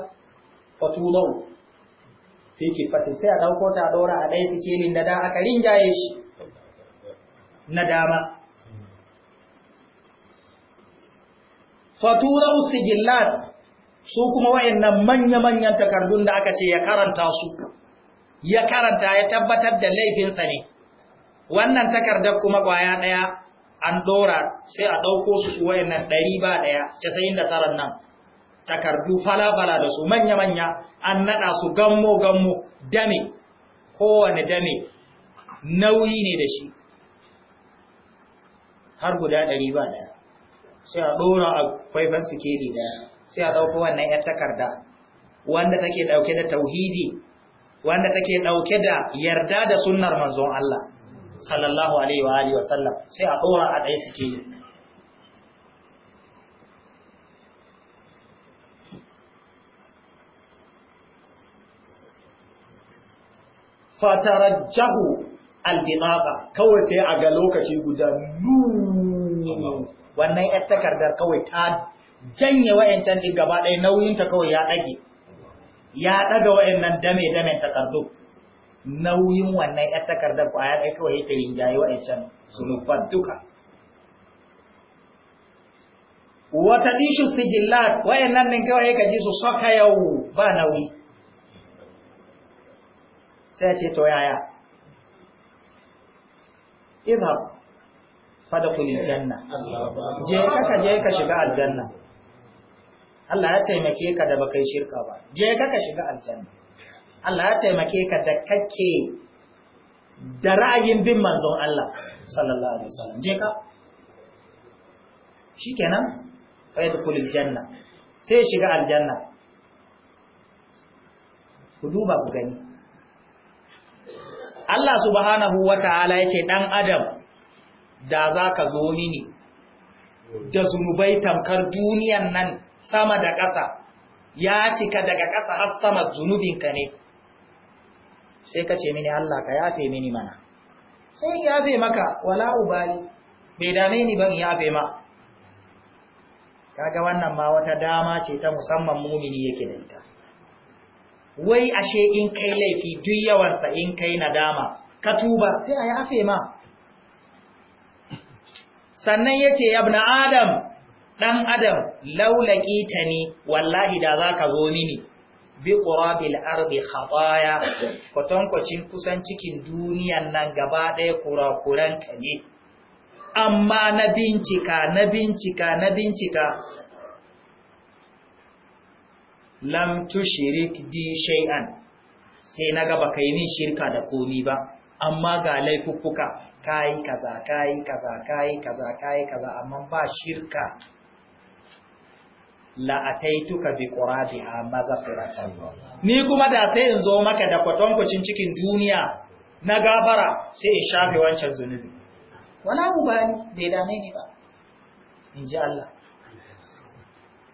wato zau sai ke fata sai a dauko ta dora a ɗaya sikilin da da aka rinjaye shi na dama faturau sigillat su kuma wayannan manya-manyan takardun da aka ce ya karanta su ya karanta ya tabbatar da laifinsa ne wannan takardar kuma kwaya ɗaya an ɗora sai a ɗauko su wayan nan ɗari ba ɗaya casa'in da tsaron nan takardu fala-fala da su manya-manya an naɗa su gammo-gammo dame kowane dame nauyi ne da shi har guda ɗari ba ɗaya sai a ɗora a faifan sikeli ɗaya sai a ɗauko wannan 'yan takarda wanda take ɗauke da tauhidi wanda take ɗauke da yarda da sunnar manzon Allah sallallahu alaihi wa alihi wa sallam sai a dora a ɗaya suke yi jahu albimaba kawai sai a ga lokaci guda nu wannan yar takardar kawai ta janye wayancan din gaba ɗaya nauyinta kawai ya ɗage ya ɗaga wayannan dame-damen takardu nauyin wannan ‘yar takardar kwaya ɗaya kawai yake rinjaye wa'ancan sulufan duka. Wata dishu sijillat wa'yannan ɗin kawai yake ji su soka yau ba nauyi. Sai ce to yaya. Iza fada kuli janna. Je ka je ka shiga aljanna. Allah ya taimake ka da baka yi shirka ba. Je ka ka shiga aljanna. Allah ya taimake ka da kake da ra'ayin bin manzon Allah sallallahu alaihi wasallam je ka shikenan fa yadkhulul janna sai shiga aljanna ku duba ku gani Allah subhanahu wataala ce, dan adam da zaka zo mini da zunubai tamkar duniyan nan sama da ƙasa ya cika daga ƙasa har sama zunubinka ne sai ka ce mini Allah ka yafe mini mana sai yafe maka wala ubali bai dame ni ban yafe ma kaga wannan ma wata dama ce ta musamman mumini yake da ita wai ashe in kai laifi duk yawansa in kai nadama ka tuba sai a yafe ma sannan yake yabna adam dan adam laulaki ta ne wallahi da zaka zo mini bi qurabil ardi khataya kwatankwacin kusan cikin duniyan nan gaba ɗaya kurakuran ka ne amma na bincika na bincika na bincika lam tushrik bi shay'an sai na gaba kai min shirka da komi ba amma ga laifuffuka kai kaza kai kaza kai kaza kai kaza amma ba shirka la'ataituka bi qurabiha maghfiratan ni kuma da sai in zo maka da kwatankwacin cikin duniya na gabara sai in shafe wancan zunubi wala ubani bai dame ni ba in ji Allah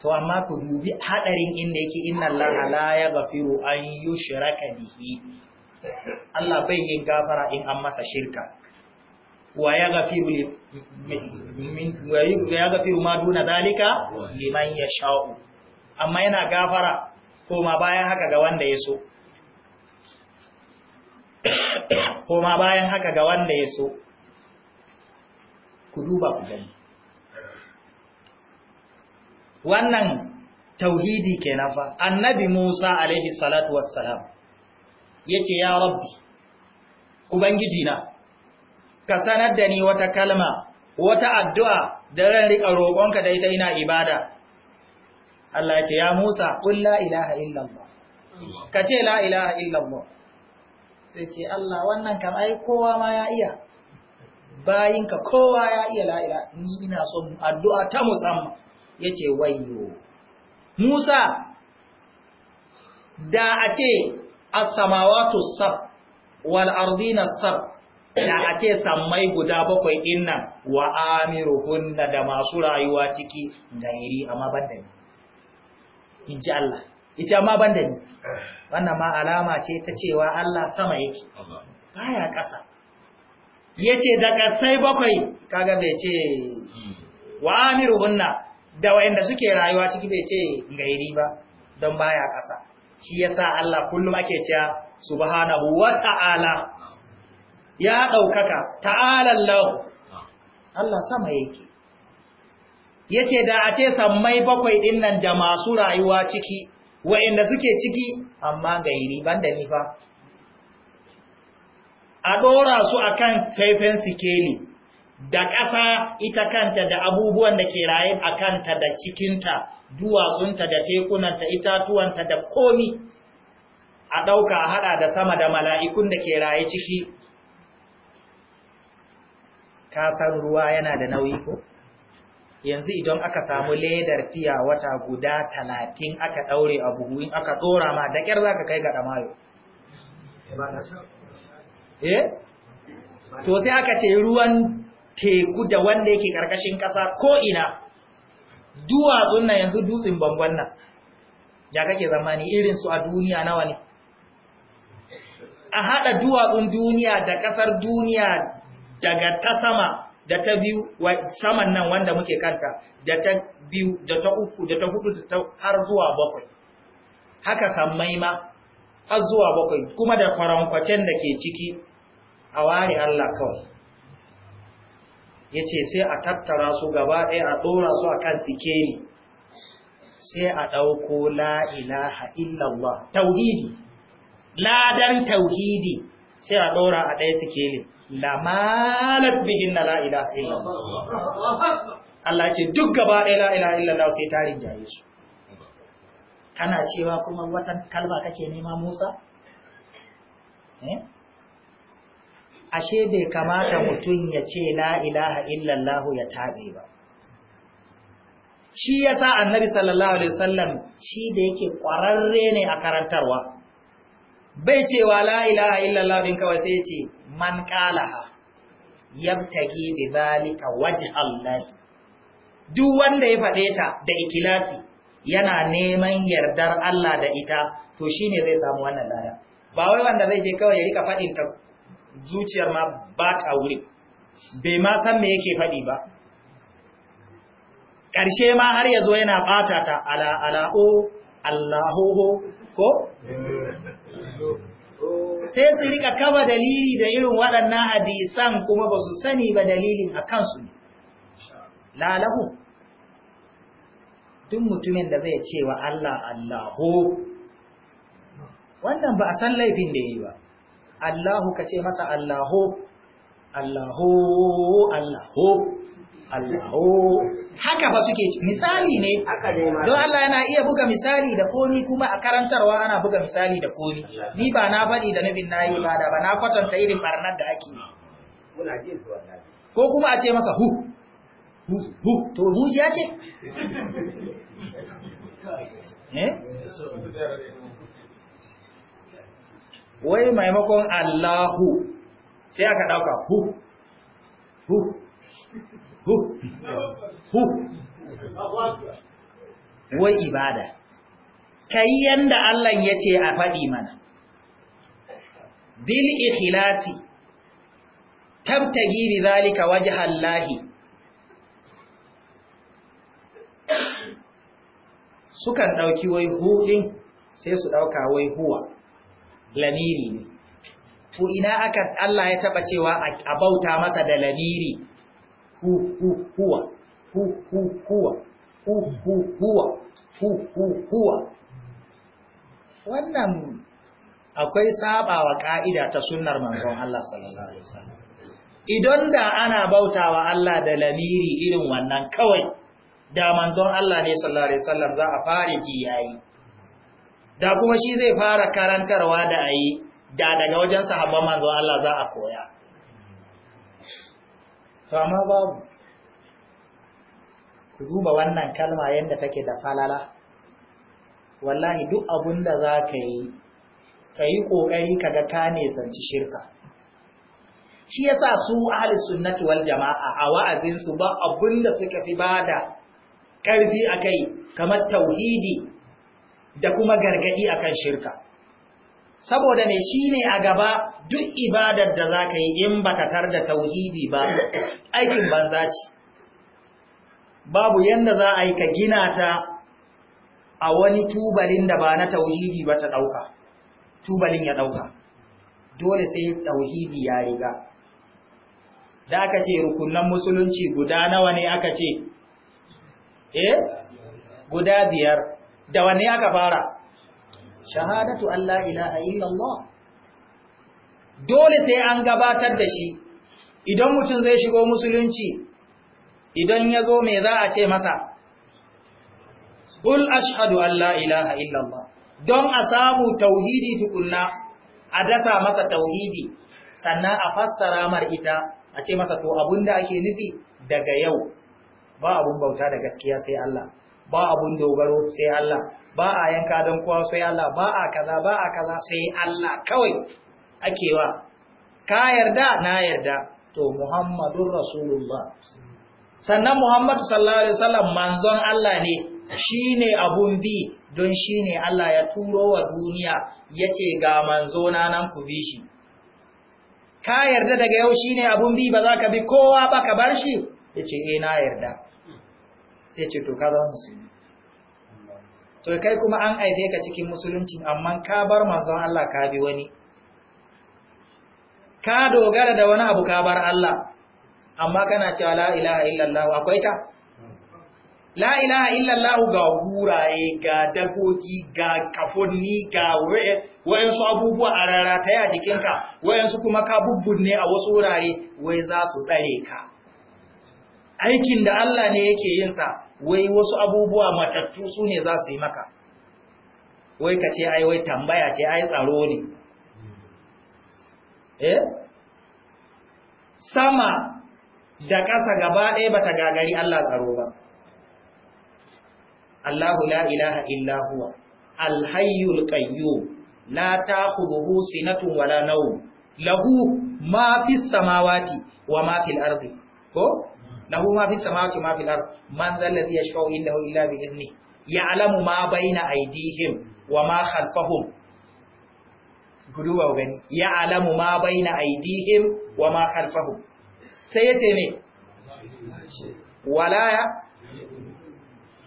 to amma ku dubi hadarin inda yake inna Allah la yaghfiru an yushraka bihi Allah bai yin gafara in an masa shirka wa ya gafiru ma duna dalika liman ya sha'u amma yana gafara koma bayan haka ga wanda ya so koma bayan haka ga wanda ya so ku duba ku gani wannan tauhidi kenan fa annabi Musa alaihi salatu wassalam yace ya rabbi ubangiji na ka sanar da ni wata kalma wata addu'a da ran rika roƙonka da ita ina ibada Allah ce ya Musa qul La'ilaha ilaha illallah ka ce La'ilaha ilaha illallah sai ce Allah wannan kam ai kowa ma ya iya bayinka kowa ya iya la ni ina son addu'a ta musamman yace wayyo Musa da a ce as samawatu sar, wal ardina sar. da a ce sammai guda bakwai din nan wa amiruhunna da masu rayuwa ciki gairi amma ban da ni in ji Allah ita amma ban da ni wannan ma alama ce ta cewa Allah sama yake baya ƙasa ce da sai bakwai kaga bai ce hmm. wa na da waɗanda suke rayuwa ciki bai ce gairi ba don baya ƙasa shi ya sa Allah kullum ake cewa subhanahu wa ta'ala ya ɗaukaka ta'alallahu ah. Allah sama yake yace da a ce sammai bakwai ɗin nan da masu rayuwa ciki wa'inda suke ciki amma gairi banda ni fa a ɗora su akan kaifin sikeli da ƙasa ita kanta da abubuwan da ke raye a kanta da cikinta duwatsunta da tekunanta itatuwanta da komi a ɗauka a haɗa da sama da mala'ikun da ke raye ciki ka san ruwa yana da nauyi ko yanzu idan aka samu ledar fiya wata guda talatin aka ɗaure a buhu in aka tsora ma da ƙyar za kai ga ɗamayo eh to sai aka ce ruwan teku da wanda yake ƙarƙashin kasa ko ina duwatsun nan yanzu dutsin bangon nan ya kake zamani irin su a duniya nawa ne a haɗa duwatsun duniya da ƙasar duniya daga ta sama da ta biyu saman nan wanda muke kanta da ta biyu da ta uku da ta hudu da ta har zuwa bakwai haka sammai ma har zuwa bakwai kuma da kwarankwacen da ke ciki a ware Allah kawai ya sai a tattara su gaba ɗaya a ɗora su a kan sikeli sai a ɗauko la'ilaha illallah tauhidi ladan tauhidi sai a ɗora a ɗaya sikelin lamalat bihin na la'ila illa Allah ce duk gaba ɗaya la'ila illallah sai tarin jaye su kana cewa kuma watan kalba kake nema musa eh? ashe bai kamata mutum ya ce la'ilaha illallahu ya taɓe ba shi ya sa annabi sallallahu alaihi wasallam shi da yake ƙwararre ne a karantarwa bai cewa la'ilaha illallahu din kawai sai ce man qalaha yabtagi bi zalika wajh Allah duk wanda ya faɗe ta da ikilasi yana neman yardar Allah da ita to shine zai samu wannan lada ba wai wanda zai je kawai ya rika faɗin ta zuciyar ma ba ta wuri bai ma san me yake faɗi ba karshe ma har yazo yana ɓata ta ala ala o Allahu ko sai su rika kafa dalili da irin waɗannan hadisan kuma ba su sani ba dalilin a kansu ne lalahu duk mutumin da zai cewa Allah Allahu wannan ba a san laifin da yi ba Allahu ka ce masa Allahu Allahu Allahu Allahu haka ba suke misali ne don Allah yana iya buga misali da komi kuma a karantarwa ana buga misali da komi ni ba na faɗi da nufin na yi ba da ba na kwatanta irin barnar da ake ko kuma a ce maka hu hu hu to ya ce eh? wai maimakon Allahu sai aka ɗauka hu hu hu hu wai ibada ka yanda Allah ya ce a faɗi mana bil ikhlasi tabtagi bi zalika Su sukan ɗauki wai huɗin sai su ɗauka wai huwa lamiri ne to ina aka Allah ya taɓa cewa a bauta masa da lamiri hu hu huwa hu hu huwa hu hu huwa wannan akwai sabawa ka'ida ta sunnar manzon Allah sallallahu alaihi wasallam idan da ana bautawa Allah da lamiri irin wannan kawai da manzon Allah ne sallallahu alaihi wasallam za a fara ji yayi da kuma shi zai fara karantarwa da ayi da daga wajen sahabban manzon Allah za a koya to amma babu ku duba wannan kalma yadda take da falala wallahi duk abun da za ka yi ka yi ƙoƙari ka ga ka nesanci shirka shi ya sa su ahli sunnati wal jama'a a wa'azinsu ba abun da suka fi ba da ƙarfi a kai kamar tauhidi da kuma gargadi akan shirka saboda me ne a gaba duk ibadar da za ka yi in baka tar da tauhidi ba aikin banza ce babu yanda za a yi ka gina ta a wani tubalin da ba na tauhidi ba ta ɗauka tubalin ya ɗauka dole sai tauhidi ya riga da aka ce rukunan musulunci guda nawa ne aka ce eh guda biyar da wanne aka fara shahadatu Allah ilaha illallah dole sai an gabatar da shi idan mutum zai shigo musulunci idan ya zo mai za a ce masa Kul ashhadu Allah la ilaha illallah don a samu tauhidi tukunna a dasa masa tauhidi sannan a fassara mar ita a ce masa to da ake nufi daga yau ba abun bauta da gaskiya sai Allah ba abun dogaro sai Allah ba a yanka don kuwa sai Allah ba a kaza ba a kaza sai Allah kawai akewa ka yarda na yarda to Muhammadun Rasulullah sannan Muhammadu sallallahu alaihi wasallam manzon Allah ne shine abun bi don shine Allah ya turo wa duniya yace ga manzo nan ku bi shi ka yarda daga yau shine abun bi ba za ka bi kowa ba ka bar shi yace eh na yarda sai ce to ka zama musulmi to kai kuma an aize ka cikin musulunci amma ka bar manzon Allah ka bi wani ka dogara da wani abu ka bar Allah amma kana cewa la ilaha illallah akwai ta la ilaha illallah ga guraye ga dagogi ga kafonni ga wayansu abubuwa a rarata ya jikinka wayansu kuma ka bubbunne a wasu wurare wai za su tsare ka aikin da Allah ne yake yin sa wai wasu abubuwa matattu su ne za su yi maka wai ka ce ai wai tambaya ce ai tsaro ne eh sama da ƙasa gaba ɗaya bata gagari Allah tsaro ba Allahu la ilaha illa huwa alhayyul qayyum la ta'khudhuhu sinatun wala nau, lahu ma fi samawati wa ma fi ardi ko lahu ma fi samawati ma fi ardi man dhal ladhi yashfa'u indahu illa bi ya ya'lamu ma bayna aidihim wa ma Gudu guduwa gani ya'lamu ma bayna aidihim wa ma khalfahum sai yace me walaya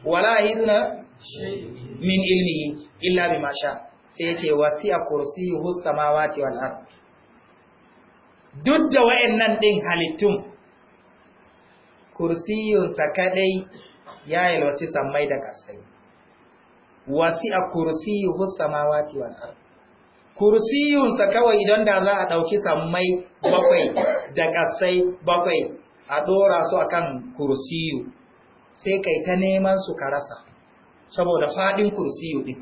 wala hidna min ilmihi illa bima sha sai yace wasi'a kursiyuhu samawati wal ard duk da wayannan din halittun kursiyunsa kaɗai ya yalwaci sammai da kasai wasi'a kursiyuhu samawati wal ard kursiyunsa kawai idan da za a ɗauki sammai bakwai da ƙasai bakwai a ɗora su akan kursiyu sai kai ta neman su ka rasa saboda faɗin kursiyu ɗin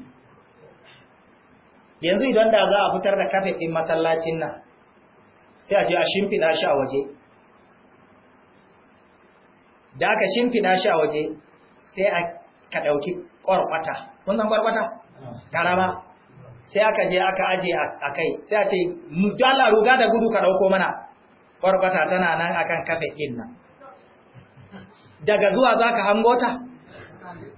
yanzu idan da za a fitar da kafe ɗin masallacin nan sai a je a shimfiɗa shi a waje da aka shimfiɗa shi a waje sai a ka ɗauki ƙwarƙwata wannan kwarkwata? Ah. ƙarama sai aka je aka aje a kai sai a ce dala ruga da gudu ka ɗauko mana ƙwarfata tana nan akan kafe ɗin daga zuwa za ka hango ta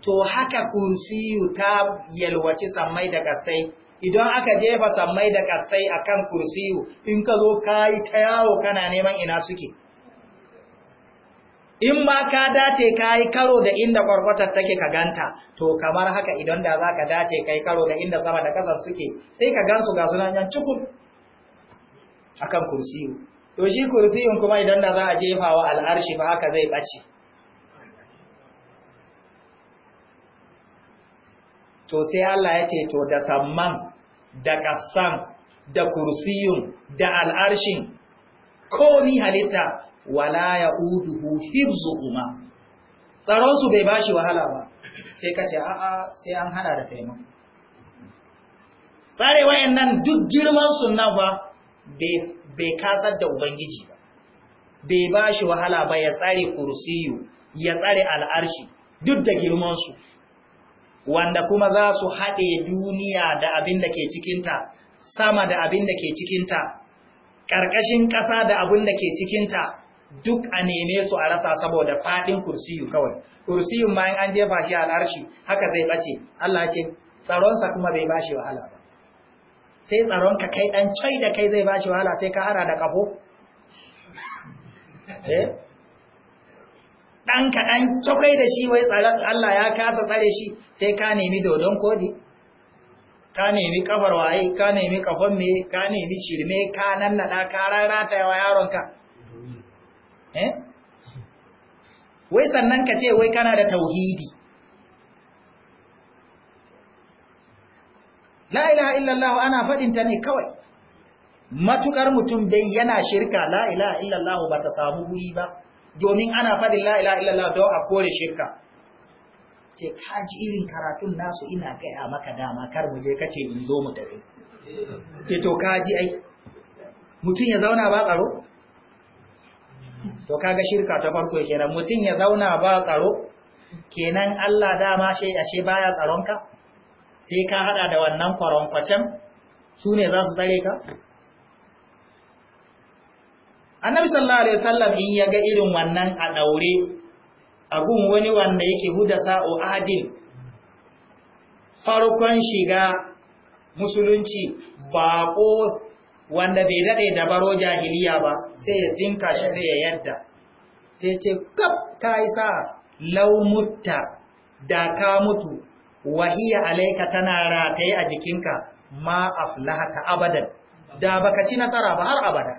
to haka kursiyu ta yalwaci sammai da kasai idan aka jefa sammai da kasai akan kursiyu in ka zo ka yi ta yawo kana neman ina suke in ma ka dace ka yi karo da inda kwarkwatar take ka ganta to kamar haka idan da za ka dace ka yi karo da inda sama da kasar suke sai ka gansu ga sunan yan cikin akan kursiyu to shi kursiyun kuma idan da za a jefa wa al'arshi fa haka zai ɓace to sai Allah ya ce to da samman da ƙasan, da kursiyun da al'arshin ko ni halitta wala ya uduhu hibzu tsaron su bai bashi wahala ba sai ka ce a'a sai an hada da taimako tsare wayannan duk girman na ba bai kasar da ubangiji ba bai bashi wahala ba ya tsare kursiyu ya tsare al'arshi duk da girman su wanda kuma za su haɗe duniya da abin da ke cikinta sama da abin da ke cikinta ƙarƙashin ƙasa da abin da ke cikinta duk a neme su a rasa saboda faɗin kursiyu kawai kursiyun bayan an jefa shi al'arshi haka zai ɓace Allah ce tsaronsa kuma bai bashi wahala ba sai tsaronka kai ɗan coi da kai zai bashi wahala sai ka hara da ƙafo eh? ɗan kaɗan cakwai da shi wai Allah ya kasa tsare shi sai ka nemi dodon kodi ka nemi kafar waye ka nemi kafan me ka nemi shirme ka nannaɗa ka rarrata wa yaronka Eh? wai sannan ka ce wai kana da tauhidi la ilaha illallah ana faɗinta ta ne kawai matukar mutum dai yana shirka la ilaha illallah ba ta samu guri ba domin ana faɗin la ilaha illallah don a kore shirka ce kaji irin karatun nasu ina gaya maka dama kar mu je kace in zo mu tafi ce to kaji ai mutum ya zauna ba tsaro to kaga shirka ta farko kenan mutum ya zauna ba tsaro kenan Allah dama shi ashe baya tsaronka sai ka hada da wannan kwaronkwacen sune ne za su tsare ka annabi sallallahu alaihi wasallam in ya ga irin wannan a daure gun wani wanda yake hudasa o adin farkon shiga musulunci bako wanda bai daɗe da baro jahiliya ba sai ya tsinka shi sai ya yadda sai ce kaf ka yi sa laumutta da ka mutu wahiya alaika tana rataye a jikinka ma aflahata abadan da baka ci nasara ba har abada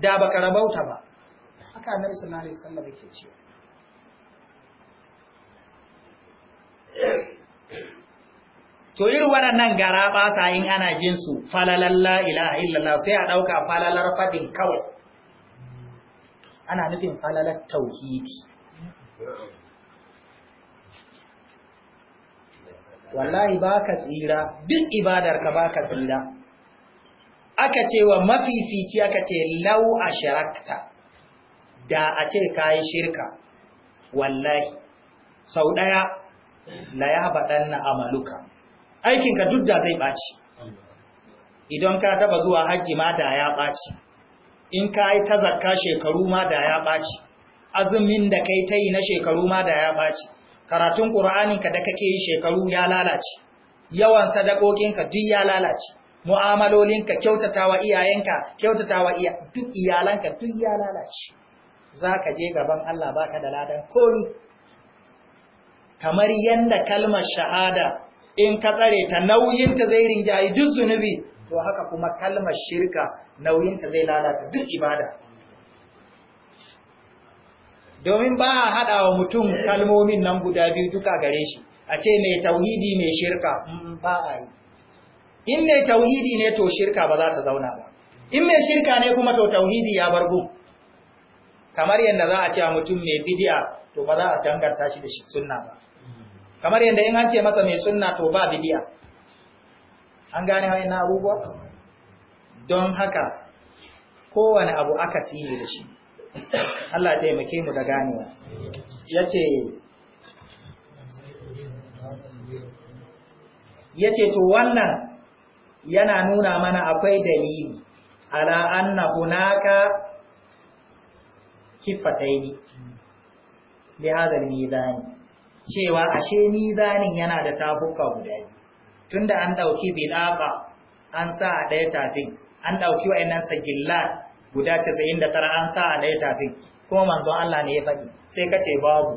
da baka rabauta ba haka na sallallahu alaihi wasallam yake cewa to irin waɗannan gara ba sa yin ana jin su falalalla illallah sai a ɗauka falalar faɗin kawai ana nufin falalar tauhidi wallahi ba ka tsira duk ibadar ka ba ka tsira aka ce wa mafifici aka ce lau a shirakta da a ce ka yi shirka wallahi sau ɗaya la ya baɗan na amaluka aikinka duk da zai ɓaci idan ka taba zuwa hajji ma da ya ɓaci in ka yi ta shekaru ma da ya ɓaci azumin da kai ta yi na shekaru ma da ya ɓaci karatun ƙura'aninka da kake yi shekaru ya lalace yawan sadakokinka duk ya lalace mu'amalolinka kyautatawa iyayenka kyautatawa iya duk iyalanka duk ya lalace za ka je gaban Allah baka da ladan komi kamar yanda kalmar shahada in ka tsare ta nauyinta zai rinjayi duk zunubi to haka kuma kalmar shirka nauyinta zai lalata duk ibada domin ba a haɗa wa mutum kalmomin nan guda biyu duka gare shi a ce mai tauhidi mai shirka mm, ba a yi in mai tauhidi ne to shirka ba za ta zauna ba in mai shirka ne kuma to tauhidi ya bar gun kamar yadda za a ce a mutum mai bidiya to ba za a danganta shi da shi sunna ba kamar yadda in an ce masa mai sunna to ba bidiya an gane wa'in na abubuwa don haka kowane abu aka siye da shi Allah taimake mu da ganewa yace yace to wannan yana nuna mana akwai dalili ala anna hunaka kifataini bi hadha al-mizani cewa ashe mizanin yana da tafuka guda tunda an ɗauki bilafa an sa a ɗaya tafin an ɗauki wa'annan sagilla guda 99 an sa a ɗaya tafin kuma manzo Allah ne ya faɗi sai ka ce babu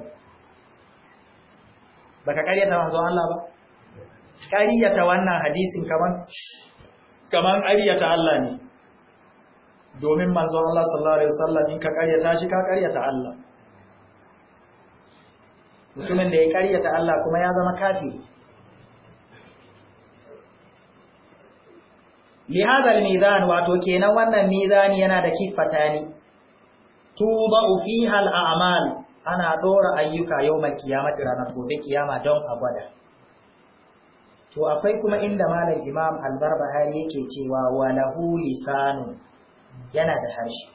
baka karyata manzo Allah ba karyata wannan hadisin kaman kaman karyata Allah ne domin manzo Allah sallallahu alaihi wasallam in ka ta shi ka karyata Allah mutumin da ya karyata Allah kuma ya zama kafiri lihazal mizan wato kenan wannan mizani yana da kifatani tuba fiha al-a'mal ana dora ayyuka yawmal qiyamati ranar gobe kiyama don a gwada to akwai kuma inda malam imam al-barbahari yake cewa walahu lisanu yana da harshe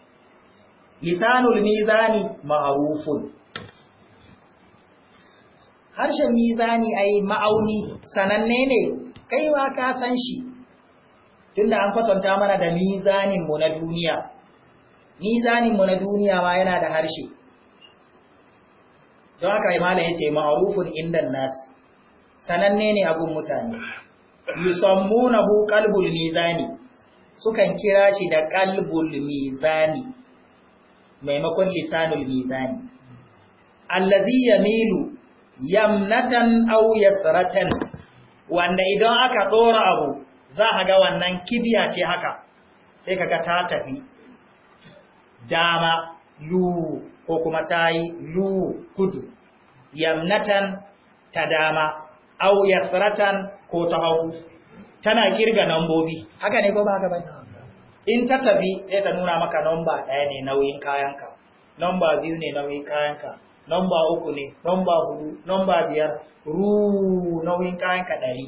lisanul mizani ma'rufun harshen mizani a ai ma'auni sananne ne kai ka san shi tunda an kwatanta mana da mizanin mu na duniya mizanin na duniya ma yana da harshe don haka imana yace ma'arufin indan nasu. sananne ne a gun mutane yusammunahu kalbul mizani sukan kira shi da kalbul mizani maimakon lisanul mizani allazi yamilu yamnatan aw yasratan wanda idan aka dora abu za ka ga wannan kibiya ce haka sai kaga ta tafi dama lu ko kuma tayi lu kudu yamnatan ta dama aw yasratan ko ta hagu tana kirga nambobi haka ne ko ba haka bane in ta tafi sai ta nuna maka namba ɗaya ne nauyin kayanka namba biyu ne nauyin kayanka namba uku ne namba hudu namba biyar ru nauyin kayan ka ɗari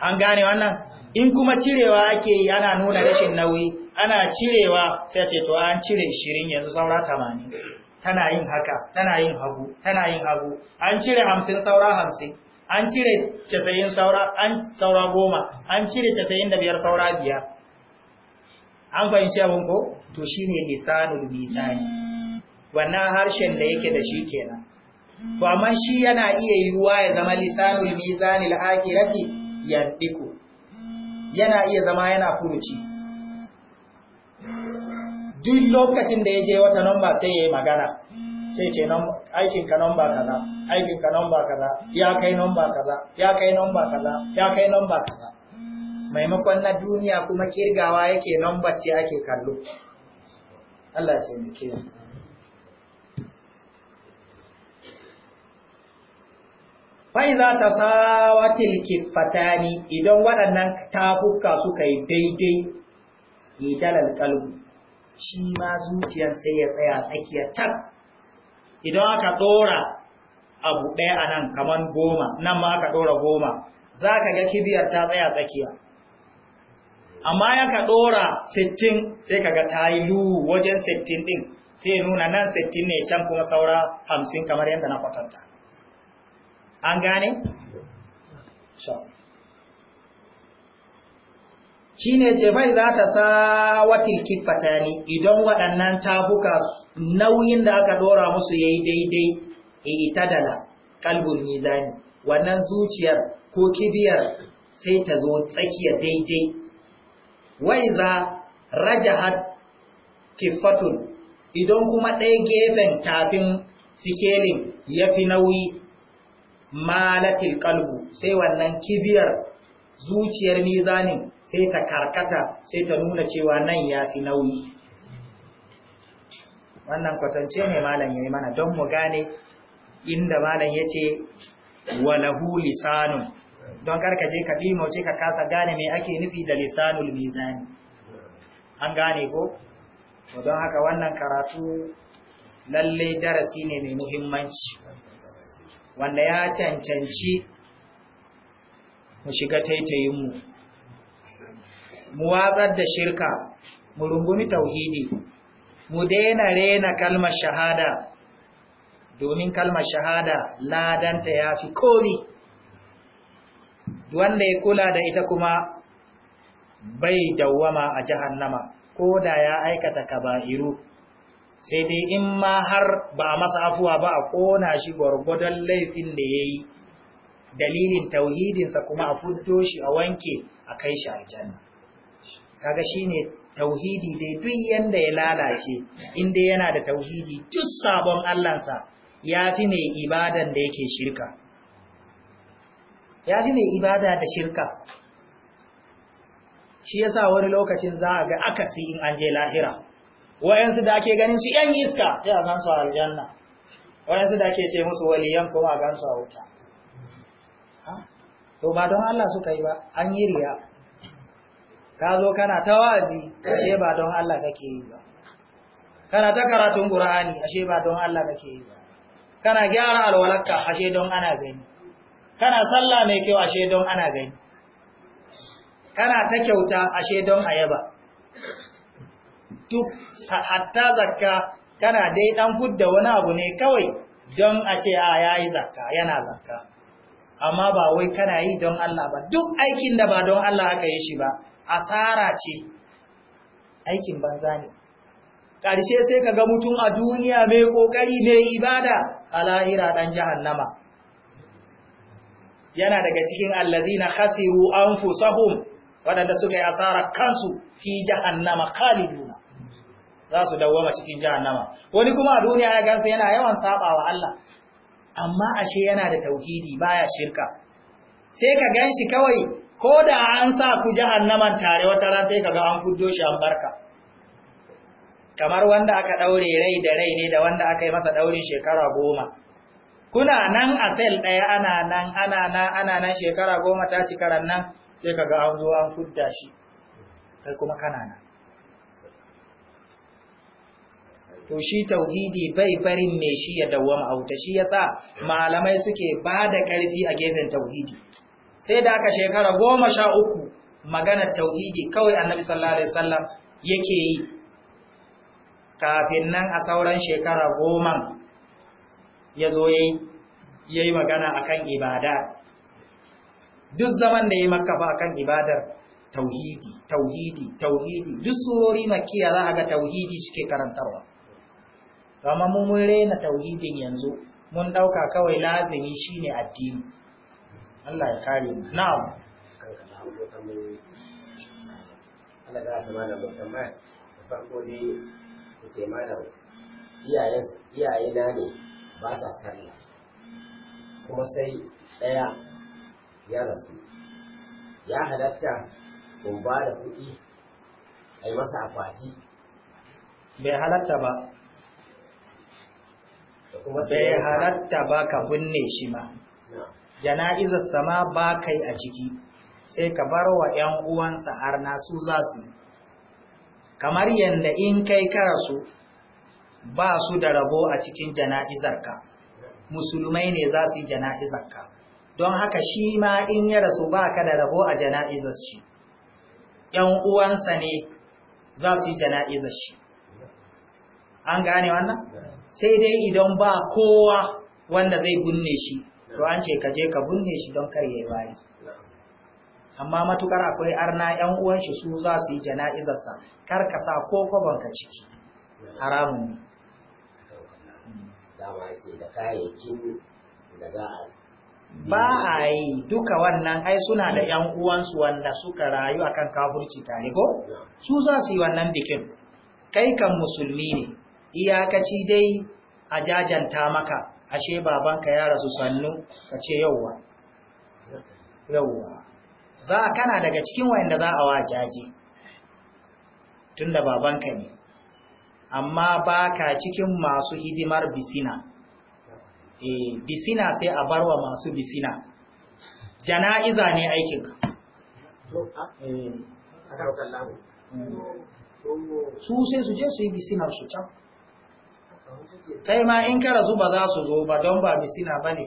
an gane wannan in kuma cirewa ake yi ana nuna rashin nauyi ana cirewa sai ce to an cire shirin yanzu saura tamanin tana yin haka tana yin hagu tana yin hagu an cire hamsin saura hamsin an cire casa'in saura an saura goma an cire casa'in da biyar saura biyar an fahimci abin ko to shine lisanul misani wannan harshen da yake da shi kenan to amma shi yana iya yiwuwa ya zama lisanul mizanil akhirati yandiku yana iya zama yana furuci duk lokacin da yake wata namba sai yayi magana sai ce aikin ka namba kaza aikin ka namba kaza ya kai namba kaza ya kai namba kaza ya kai namba kaza maimakon na duniya kuma kirgawa yake namba ce ake kallo Allah ya taimake mu Faiza za ta sawatil kifatani idan waɗannan tafuka suka yi daidai dalal kalbu shi ma zuciyar sai ya tsaya tsakiya can idan aka ɗora abu ɗaya a nan kamar goma nan ma aka ɗora goma za ka ga kibiyar ta tsaya tsakiya amma ka dora sittin sai kaga tayi luhu wajen sittin ɗin, sai nuna nan sittin ne can kuma saura hamsin kamar yadda na kwatanta an gane? shi ne jefai za ta sa watil kifata ne idan waɗannan tabuka nauyin da aka ɗora musu ya yi daidai e, dala kalbun mizani wannan zuciyar ko kibiyar sai ta zo tsakiya daidai wai za rajahat kifatun idan kuma ɗaya gefen tafin sikelin ya fi nauyi malatil kalbu sai wannan kibiyar zuciyar mizanin sai ta karkata sai ta nuna cewa nan ya fi nauyi wannan kwatance mai malam ya yi mana don mu gane inda malam ya ce walahu lisanun don karkace ka ce ka kasa gane mai ake nufi da lisanul mizani an gane ko don haka wannan karatu lallai darasi ne mai muhimmanci wanda ya cancanci mu shiga taitayinmu mu watsar da shirka mu rungumi tauhidi mu daina rena kalmar shahada domin kalmar shahada ladanta ya fi komi wanda ya kula da ita kuma bai dawwama a jahannama ko da ya aikata kaba'iru sai dai in ma har ba a masa afuwa ba a ƙona shi gwargwadon laifin da ya yi dalilin tauhidinsa kuma a fito shi a wanke a kai shi aljanna kaga shi ne tauhidi dai duk yanda ya lalace inda yana da tauhidi duk sabon allansa ya fi mai ibadan da yake shirka ya fi mai ibada da shirka shi yasa wani lokacin za a ga akasi in an je lahira wayansu da ake ganin su yan iska sai a gansu a aljanna wayansu da ake ce musu waliyan kuma a gansu a wuta to ba don Allah suka yi ba an yi riya ka zo kana ta ashe ba don Allah kake yi ba kana ta karatun Qur'ani ashe ba don Allah kake yi ba kana gyara alwalaka ashe don ana gani kana sallah mai kyau ashe don ana gani kana ta kyauta ashe don ayaba duk hatta zakka kana dai dan fudda wani abu ne kawai don a ce a yayi zakka yana zakka amma ba wai kana yi don Allah ba duk aikin da ba don Allah aka yi shi ba asara ce aikin banza ne ƙarshe sai ka ga mutum a duniya mai ƙoƙari mai ibada a lahira ɗan jahannama yana daga cikin allazina khasiru anfusahum waɗanda suka yi asara kansu fi jahannama khaliduna za su dawwama cikin jahannama wani kuma a duniya ya gansa yana yawan sabawa Allah amma ashe yana da tauhidi baya shirka sai ka ganshi kawai ko da an sa ku jahannaman tare wata ran sai kaga an guddo shi an barka kamar wanda aka daure rai da rai ne da wanda aka yi masa daurin shekara goma kuna nan a sel ɗaya ana nan ana nan ana nan shekara goma ta ci karan nan sai kaga an zo an fudda shi kai kuma kana nan to shi tauhidi bai barin me shi ya dawwama a wuta shi yasa malamai suke ba da ƙarfi a gefen tauhidi sai da aka shekara goma sha uku maganar tauhidi kawai annabi sallallahu alaihi wasallam yake yi kafin nan a sauran shekara goma ya zo ya yi magana akan ibada duk zaman da ya makka a akan ibadar tauhidi tauhidi tauhidi duk surori makiya za a ga tauhidi suke karantarwa to amma mun rena tauhidin yanzu mun dauka kawai lazimi shine addini Allah ya kare mu na'am Allah ya ta mana mu tambaya farko dai yake mana iyaye iyaye na ne ba sa sallah kuma sai daya ya rasu ya halatta in ba da kuɗi a yi masa akwati bai halatta ba bai halatta ba ka binne shi ma jana'izar sama ba kai a ciki sai ka bar wa 'yan uwansa arna su za su kamar yadda in kai karasu ba su da rabo a cikin jana'izarka musulmai ne za su yi jana'izarka don haka shi ma in ya rasu ba ka da rabo a jana'izar shi 'yan uwansa ne za su yi jana'izar shi an gane wannan? sai dai idan ba kowa wanda zai binne shi to an ce ka je ka binne shi don kar yayi wari amma matukar akwai arna yan uwan shi su za su yi jana'izar sa kar ka sa ko koban ka ciki haramun ne ba a yi duka wannan ai suna da yan uwansu wanda suka rayu akan kafurci tare ko su za su yi wannan bikin kai kan musulmi ne iyakaci dai a jajanta maka ashe babanka ya rasu sannu ka ce yauwa yauwa za kana daga cikin wanda za a wa Jaji tunda babanka ne amma baka cikin masu hidimar bisina e bisina sai a barwa masu bisina jana'iza ne aikinka eh. mm. su sai su je su yi bisinar su can kai ma in ka rasu ba za su zo ba don ba misina ba ne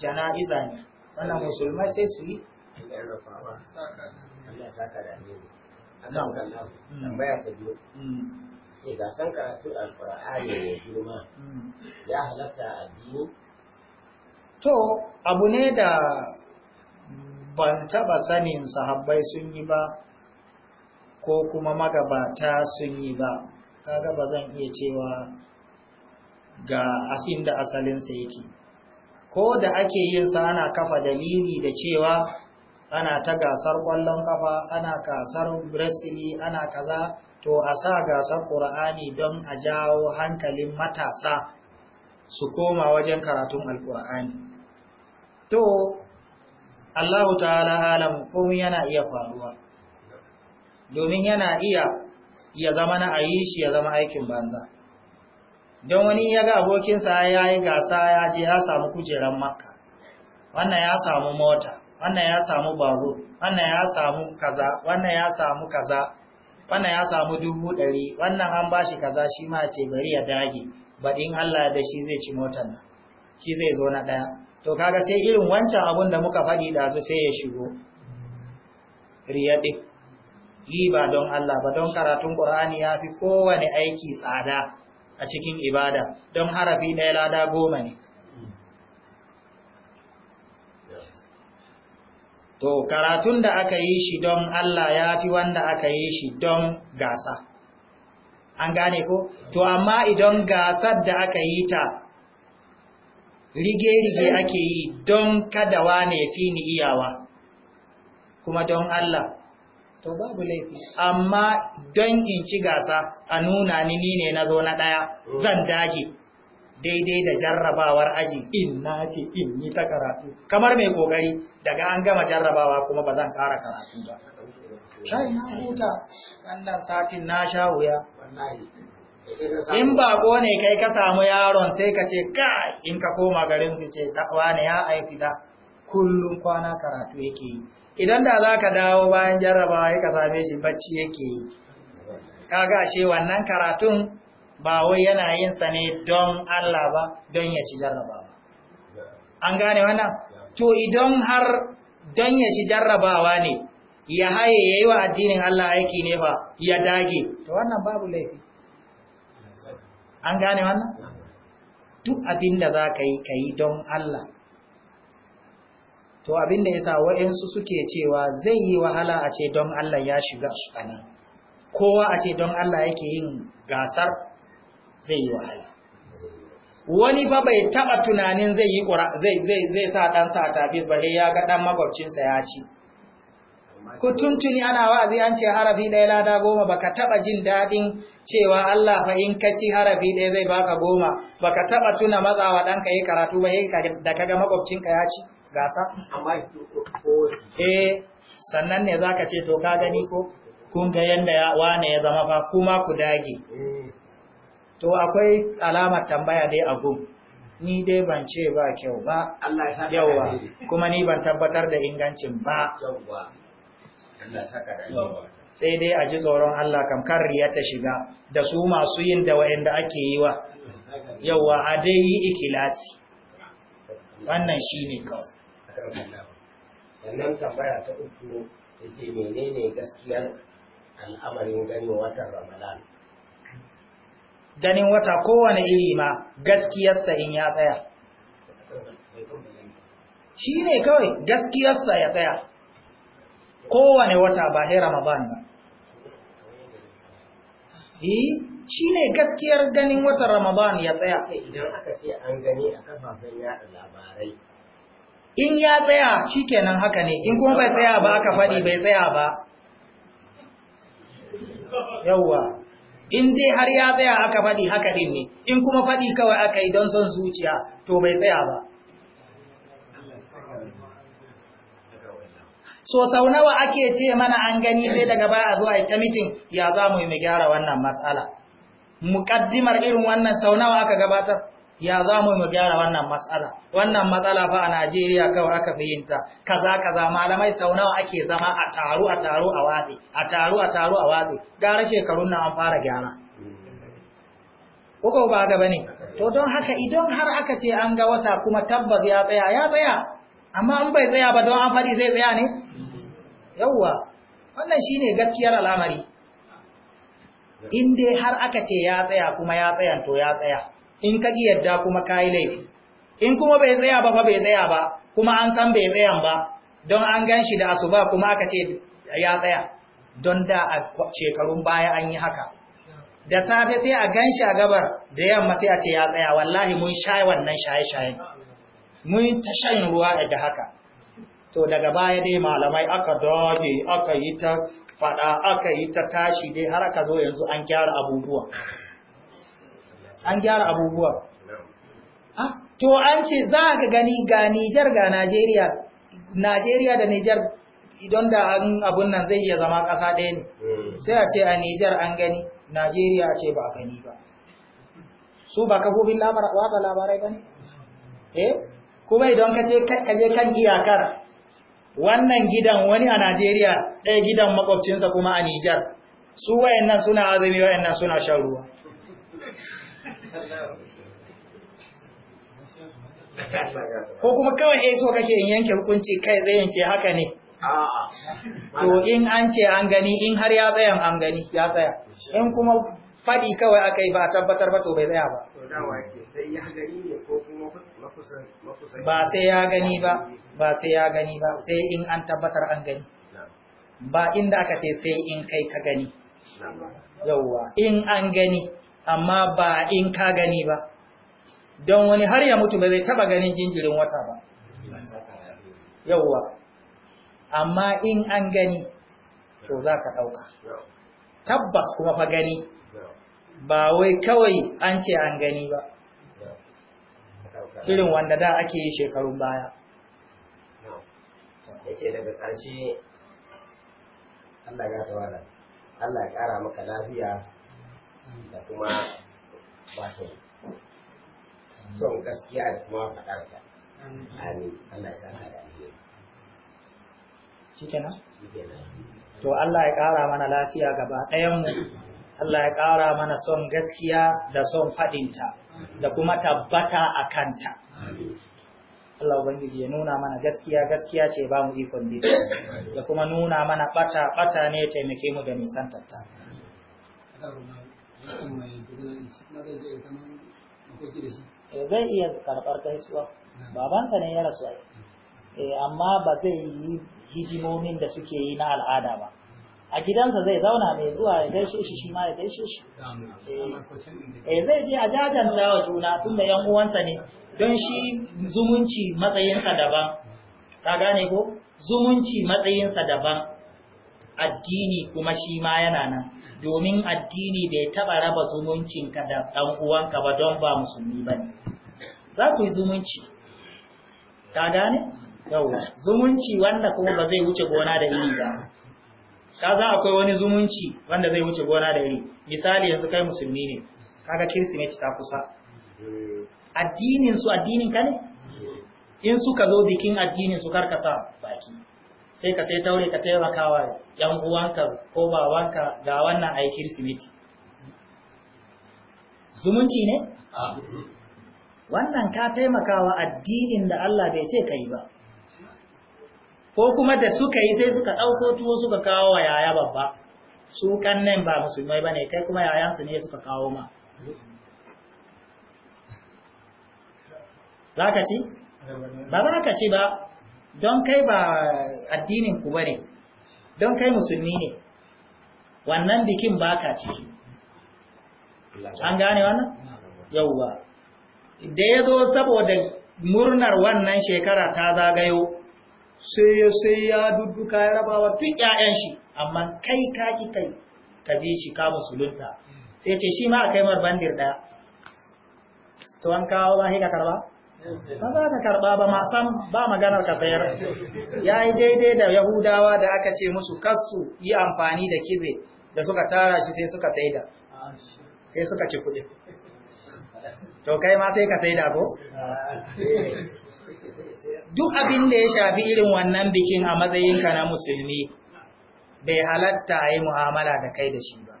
jana'iza ne wannan musulmai sai su yi mm. gasan karatun girma mm. ya halatta to abu ne da ban taba sanin sahabbai sun yi ba ko kuma magabata sun yi ba kaga ba zan iya cewa ga asin da asalinsa yake ko da ake yin sa ana kafa dalili da cewa ana ta gasar kwallon kafa ana gasar brasili ana kaza to a sa gasar ƙur'ani don a jawo hankalin matasa su koma wajen karatun alƙur'ani to Allahu ta'ala alam komai yana iya faruwa domin yana iya ya zama na ayi shi ya zama aikin banza don wani ya ga abokinsa ya yi gasa ya je ya samu kujerar makka wannan ya samu mota wannan ya samu baro wannan ya samu kaza wannan ya samu kaza wannan ya samu dubu ɗari wannan an ba shi kaza shi ma ce bari ya dage baɗin allah da shi zai ci motar nan shi zai zo na ɗaya to kaga sai irin wancan abun da muka faɗi ɗazu sai ya shigo riyaɗin yi ba don allah ba don karatun ƙur'ani ya fi kowane aiki tsada a cikin ibada don harafi ɗaya lada goma ne to karatun da aka yi shi don Allah ya fi wanda aka yi shi don gasa an gane ko to amma idan gasar da aka yi ta rige-rige ake yi don kada ne fi ni iyawa kuma don Allah to babu laifi amma don in ci gasa a nuna ni ni ne na zo na ɗaya zan dage daidai da jarrabawar aji in na ce in yi ta karatu kamar mai kokari daga an gama jarrabawa kuma ba zan ƙara karatu ba kai na huta wannan satin na sha wuya in ko ne kai ka samu yaron sai ka ce ka in ka koma garin su ce wani ya aiki da kullum kwana karatu yake yi idan da za ka dawo bayan jarrabawa ya ka same shi bacci yake yi kaga ashe wannan karatun ba wai yana yin sa ne don Allah ba don ya ci jarrabawa an gane wannan to idan har don ya ci jarrabawa ne ya haye ya yi wa addinin Allah aiki ne ba, ya dage to wannan babu laifi an gane wannan duk abin da za ka yi ka yi don Allah to abin ya yasa wa'yansu suke cewa zai yi wahala a ce don Allah ya shiga su kowa a ce don Allah yake yin gasar zai yi wahala wani fa bai taba tunanin zai yi zai zai zai sa dan sa tafi ba sai ya ga dan makwabcinsa ya ci ku tuntuni ana wa'azi an ce harafi ɗaya lada goma baka taba jin daɗin cewa Allah fa in ka ci harafi ɗaya zai baka goma baka taba tuna matsawa ɗanka yi karatu ba da kaga makwabcinka ya ci gasa eh sannan ne zaka ce to ka gani ko kun ga yanda ya wane ya zama fa kuma ku dage eh. to akwai alamar tambaya dai a gun ni dai ban ce ba kyau ba yawa kuma ni ban tabbatar da ingancin ba sai dai a ji tsoron Allah kam kan riya ta shiga da su masu yin da wa'anda ake yi wa yawa a dai yi ikilasi wannan shine kawai waɗannan sannan tambaya ta uku ta ce menene gaskiyar al'amarin ganin watan ramadan ganin wata kowane iri ma gaskiyarsa in ya tsaya shi ne kawai gaskiyarsa ya tsaya kowane wata ba sai ramadan ba eh, shi ne gaskiyar ganin watan ramadan ya tsaya idan aka ce an gani a kafafen yada labarai in ya tsaya shikenan haka ne in kuma bai tsaya ba aka faɗi bai tsaya ba Yauwa in dai har ya tsaya aka faɗi haka din ne in kuma faɗi kawai aka yi don son zuciya to bai tsaya ba so sau nawa ake ce mana an gani sai daga baya zuwa ita mitin ya za mu yi mu gyara wannan matsala muƙaddimar irin wannan sau nawa aka gabatar ya za mu mu gyara wannan matsala wannan matsala fa a Najeriya kawai aka fahimta kaza kaza malamai sau nawa ake zama a taro a taro a watsi a taro a taro a watsi gara shekarun nan an fara gyara kuka ba ga bane to don haka idan har aka ce an ga wata kuma tabbas ya tsaya ya tsaya amma an bai tsaya ba don an fadi zai tsaya ne yawwa wannan shine gaskiyar al'amari in dai har aka ce ya tsaya kuma ya tsayan to ya tsaya in ka yadda kuma ka yi laifi in kuma bai tsaya ba fa bai tsaya ba kuma an san bai tsayan ba don an gan da asuba kuma aka ce ya tsaya don da a shekarun baya an yi haka da safe sai a ganshi a gabar da yamma sai a ce ya tsaya wallahi mun shaye wannan shaye shaye mun ta shan ruwa da haka to daga baya dai malamai aka dage, aka yi ta fada aka yi ta tashi dai har aka zo yanzu an gyara abubuwa an gyara abubuwa ah, to an ce za ka gani ga Nijar ga Najeriya Najeriya da Nijar idan da abun nan zai iya zama ƙasa ɗaya ne hmm. sai a ce a Nijar an gani Najeriya ce ba a gani ba su ba kafofin watsa labarai ba ne eh kuma idan ka je kan iyakar wannan gidan wani a Najeriya ɗaya gidan makwabcinsa kuma a Nijar su wayannan suna azumi wayannan suna shan ruwa ko kuma kawai eh so kake yin yanke hukunci kai zai yance haka ne to in an ce an gani in har ya tsaya an gani ya tsaya in kuma faɗi kawai aka yi ba a tabbatar ba to bai tsaya ba ba sai ya gani ba ba sai ya gani ba sai in an tabbatar an gani ba inda aka ce sai in kai ka gani yauwa in an gani amma ba in ka gani ba don wani har ya mutu ba zai taba ganin jinjirin wata ba yauwa amma in an gani to za ka ɗauka tabbas kuma fa gani ba wai kawai an ce an gani ba irin wanda da ake yi shekarun baya daga ƙarshe Allah ya tawada Allah ya ƙara maka lafiya da kuma wato son gaskiya da kuma faɗar ta amin Allah ya saka da alheri shikenan to Allah ya ƙara mana lafiya gaba mu Allah ya ƙara mana son gaskiya da son faɗinta da kuma tabbata a kanta Allah Ubangiji ya nuna mana gaskiya gaskiya ce ba mu ikon bita ya kuma nuna mana bata bata ne taimake mu da nisan tattara. Eh, zai iya karɓar gaisuwa babansa ne ya rasu eh, amma ba zai yi hidimomin da suke yi na al'ada ba a gidansa zai zauna mai zuwa ya gaishe shi shi ma ya gaishe shi eh, zai je a jajanta wa juna tun da yan uwansa ne don shi zumunci matsayinsa daban ka gane ko zumunci matsayinsa daban addini kuma shi ma yana nan domin addini bai taɓa raba zumuncinka da ɗan uwanka ba don ba musulmi ba ne za ku yi zumunci ta gane yawwa zumunci wanda kuma ba zai wuce gona da iri ba ka za akwai wani zumunci wanda zai wuce gona da iri misali yanzu kai musulmi ne kaga kirsimeti ta kusa addinin su addinin ka ne in suka zo bikin addinin su karkasa baki sai ka sai taure ka wa yan uwanka ko babanka ga wannan a kirsimeti zumunci ne wannan ka taimakawa addinin da Allah bai ce kai ba ko kuma da suka yi sai suka ɗauko tuwo suka kawo wa yaya babba su kannen ba musulmai ba kai kuma yayansu ne suka kawo ma za ka ci? ba za ka ci ba don kai ba addinin ku bane don kai musulmi ne wannan bikin baka ciki an gane wannan yauwa da ya zo saboda murnar wannan shekara ta zagayo sai ya sai ya dudduka ya rabawa duk ƴaƴan shi amma kai ka ki kai ka bi shi ka musulunta sai ce shi ma a kai mar bandir ɗaya to an kawo ba sai ka karba ba za ka karba ba ma san ba maganar ka sayar ya yi daidai da yahudawa da aka ce musu kasu yi amfani da kibe da suka tara shi sai suka saida sai suka ci kuɗi to kai ma sai ka saida ko duk abin da ya shafi irin wannan bikin a matsayinka na musulmi bai halatta a yi mu'amala da kai da shi ba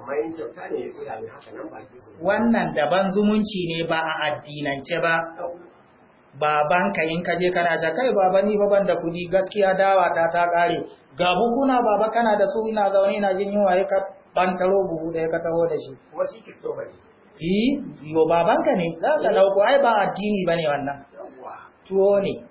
amma kyauta ne ya haka nan wannan daban zumunci ne ba a addinance ba babanka in kaje kana ja kai baba ni baban da kudi gaskiya dawa ta ta kare ga bukuna baba kana da su ina zaune ina jin yunwa ya ka taro buhu da ya ka taho da shi kuma shi kisto bane yi eh, yo babanka ne za ka dauko ai ba addini bane wannan tuwo ne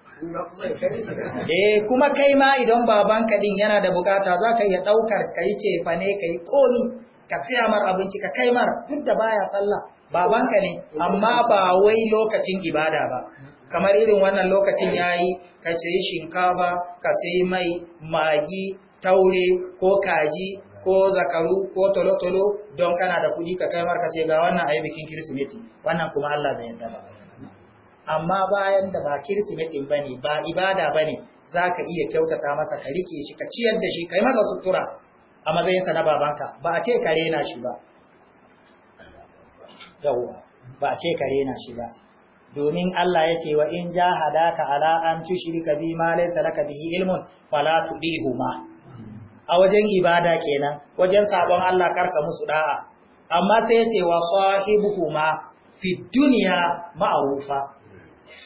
eh kuma kai ma idan babanka din yana da bukata za ka iya daukar kai ce fa ne kai koni ka tsaya mar abinci ka kai mar duk da baya sallah babanka ne amma ba wai lokacin ibada ba kamar irin wannan lokacin yayi ka sayi shinkafa ka sayi mai magi taure ko kaji ko zakaru ko tolotolo don kana da kuɗi ka kai mar ka ce ga wannan ayi bikin kirsimeti wannan kuma Allah bai yarda ba amma bayan da ba kirsimeti ba ba ibada bane zaka iya kyautata masa ka rike shi ka ciyar da shi kai masa sutura a matsayinsa na babanka ba a ce ka rena shi ba yawwa ba a ce ka rena shi ba domin Allah ya wa in jahadaka ala an tushrika bi ma laysa laka bihi ilmun fala tudihuma a wajen ibada kenan wajen sabon Allah karka musu da'a amma sai ya ce wa sahibuhuma fi dunya ma'rufa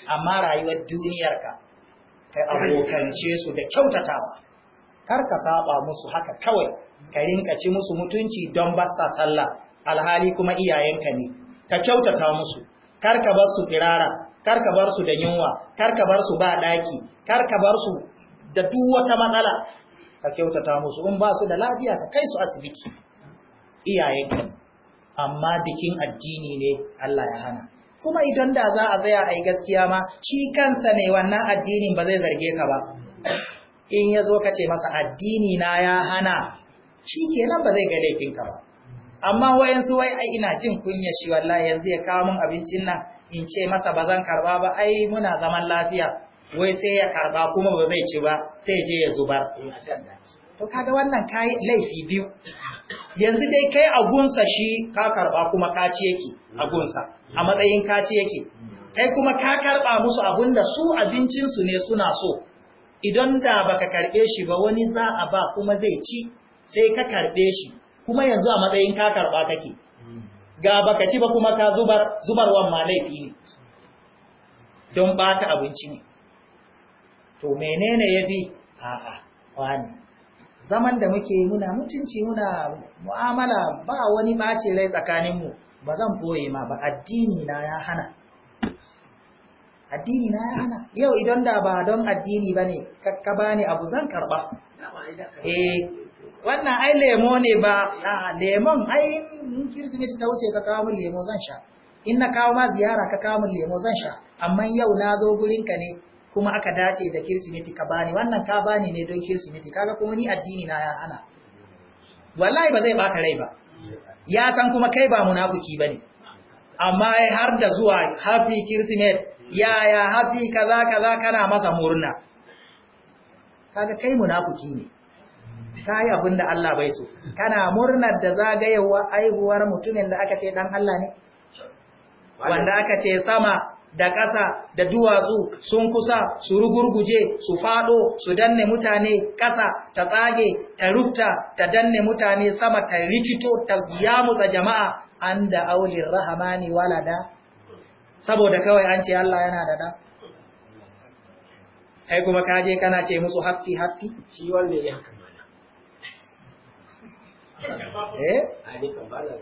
amma rayuwar duniyarka kai abokance su da kyautatawa kar ka saba musu haka kawai ka rinka ci musu mutunci don ba sa sallah alhali kuma iyayenka ne ka kyautata musu kar ka bar su tsirara kar ka bar su da yunwa kar ka bar su ba daki kar ka bar su da duk wata matsala ka kyautata musu in ba su da lafiya ka kai su asibiti iyayenka amma bikin addini ne Allah ya hana kuma idan da za a tsaya a yi gaskiya ma shi kansa ne wannan addinin ba zai zarge ka ba in ya zo ka ce masa addini na ya hana shi kenan ba zai ga laifinka ba amma wayansu wai ai ina jin kunya shi wallahi yanzu ya kawo min abincin nan in ce masa ba zan karba ba ai muna zaman lafiya wai sai ya karba kuma ba zai ci ba sai je ya zubar to kaga wannan kai laifi biyu yanzu dai kai agunsa shi ka karba kuma ka ci yake agunsa a matsayin ka ci yake kai kuma ka karba musu abinda su abincin su ne suna so idan da baka karɓe shi ba wani za a ba kuma zai ci sai ka karɓe shi kuma yanzu a matsayin ka karɓa kake ga baka ci ba kuma ka zubar zubarwan ma laifi ne don ɓata abinci ne to menene yafi a'a wani zaman da muke muna mutunci muna mu'amala ba wani ɓace rai tsakaninmu ba zan boye ma ba addini na ya hana addini na ya hana yau idan da ba don addini ba ne ka ba ni abu zan karba eh, wannan ai lemo ne ba a lemon ai in kirsimeti ta wuce ka kawo min lemo zan sha in na kawo ma ziyara ka kawo min lemo zan sha amma yau na zo gurinka ne kuma aka dace da kirsimeti ka bani wannan ka bani ne don kirsimeti kaga kuma ni addini na ya hana wallahi ba zai baka rai ba ya san kuma kai ba munafiki bane amma har da zuwa happy kirsimet yaya hafi kaza kaza kana masa murna kaga kai munafiki ne kai abin da Allah bai so kana murnar da zagayewa aihuwar mutumin da aka ce dan Allah ne wanda aka ce sama da ƙasa da duwatsu sun kusa su rugurguje su fado su danne mutane ƙasa ta tsage ta rukta ta danne mutane sama ta rikito ta yamutsa jama'a an da aulin rahamani walada saboda kawai an ce Allah yana da da kai kuma ka je kana ce musu haffi haffi shi wanda ya eh?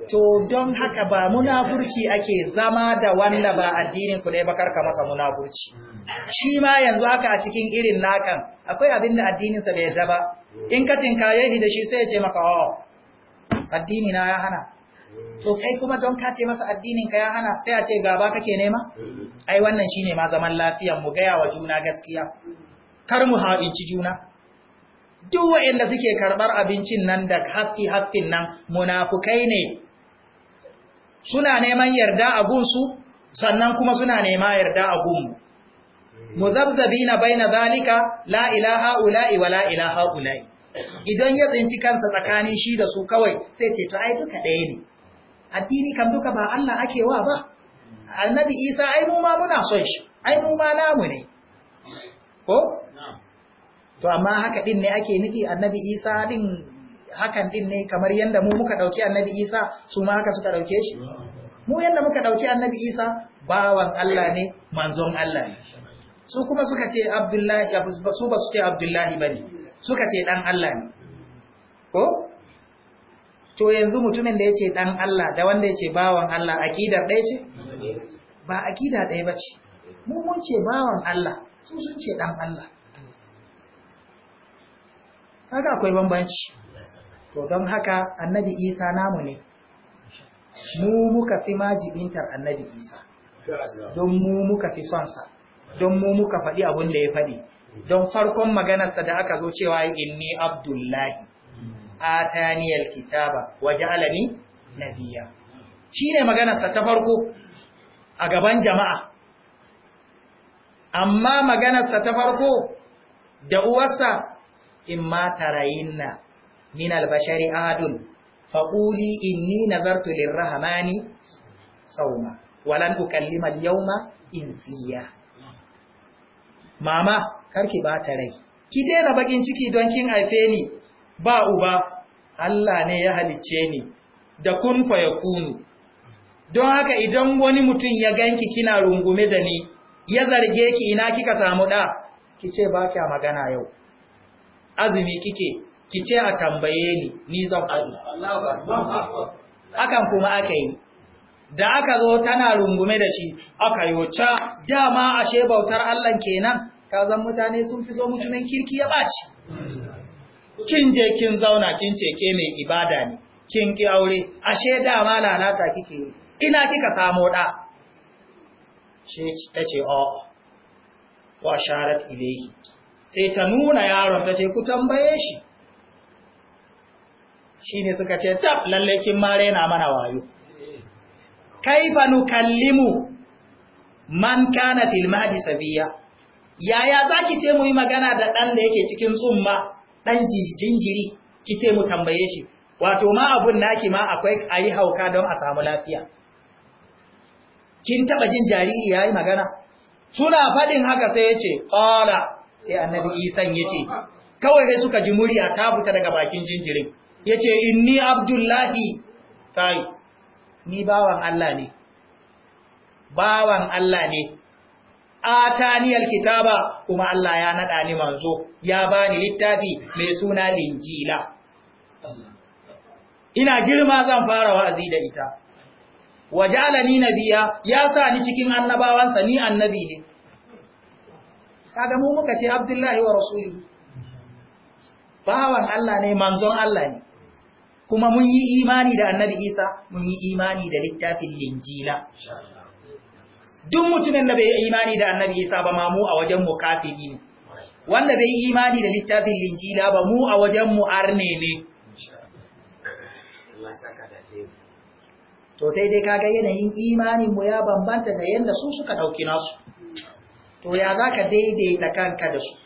to don haka ba munafurci ake zama da wanda ba addinin ku ne ba ka masa munafurci hmm. shi ma yanzu haka a cikin irin nakan akwai abin da addinin sa bai zaba. in ka tinkaye shi da shi sai ya ce maka oh addini na ya hana to kai kuma don ka ce masa addinin ka ya hana sai a ce gaba kake nema ai wannan shine ma zaman lafiyar mu gaya wa juna gaskiya kar mu haɗinci juna duk wanda suke karɓar abincin nan da haƙƙi haƙƙin nan munafukai ne suna neman yarda a gunsu sannan kuma suna nema yarda a gunmu muzabzabina baina zalika la ilaha ula'i wa la ilaha ula'i idan ya tsinci kansa tsakanin shi da su kawai sai ce to ai duka ɗaya ne addini kan duka ba Allah ake wa ba annabi Isa ai mu ma muna son shi ai mu ma namu ne ko to amma haka din ne ake nufi annabi Isa din hakan din ne kamar yanda mu muka dauki annabi Isa su ma haka suka dauke shi mu yanda muka dauki annabi Isa bawan Allah ne manzon Allah ne su kuma suka ce Abdullahi su ba su ce Abdullahi bane suka ce dan Allah ne ko to yanzu mutumin da yace dan Allah da wanda yace bawan Allah akidar ɗaya ce ba akida ɗaya bace mu mun ce bawan Allah su sun ce dan Allah kaga akwai bambanci to don haka annabi Isa namu ne mu muka fi majibintar annabi Isa don mu muka fi son sa don mu muka faɗi abin da ya faɗi don farkon maganarsa da aka zo cewa inni abdullahi ataniyal kitaba waje na biya. shine ne sa ta farko a gaban jama'a amma maganarsa sa ta farko da uwarsa in mata tarayinna min albashari ahadun faquli inni nazartu lirrahmani sawma walan ukallima al in insiya mama karki ba ta rai ki daina bakin ciki don kin haife ni ba uba Allah ne ya halicce ni da kun fa yakunu don haka idan wani mutum ya ganki kina rungume da ni ya zarge ki ina kika samu da kice ba kya magana yau azumi kike kice a tambaye ni ni zan faɗi hakan kuma aka yi da aka zo tana rungume da shi aka yi wacce dama ashe bautar Allah kenan ka mutane sun fi so mutumin kirki ya ɓaci kin je kin zauna kin ce ke mai ibada ne kin ki aure ashe da, dama lalata kike ina kika samo da she ta ce o oh, wa sharat ilayhi sai ta nuna yaron ta ce ku tambaye shi shine suka ce tab lalle kin mare na mana wayo kaifa nukallimu man kana fil mahdi sabiya yaya zaki ce mu yi magana da dan da yake cikin tsumma ɗan jinjiri kice mu tambaye shi wato ma abun naki ma akwai ayi hauka don a samu lafiya kin taɓa jin jariri yayi magana suna faɗin haka sai yace, qala sai annabi isan yace kawai sai suka ji murya ta fita daga bakin jinjirin Yace, inni abdullahi kai ni bawan Allah ne bawan Allah ne ataniyal kitaba kuma Allah ya naɗa ni manzo ya bani littafi mai suna linjila ina girma zan fara wa'azi da ita Waje wajalani nabiya ya sa ni cikin annabawansa ni annabi ne kaga muka ce abdullahi wa rasuli bawan Allah ne manzon Allah ne kuma mun yi imani da annabi Isa mun yi imani da littafin linjila duk mutumin da bai yi imani da annabi isa ba ma mu a wajen mu kafiri ne wanda bai yi imani da littafin linjila ba mu a wajen mu arne ne to sai dai kaga yanayin imanin mu ya bambanta da yanda su suka dauki nasu to ya zaka daidaita kanka da su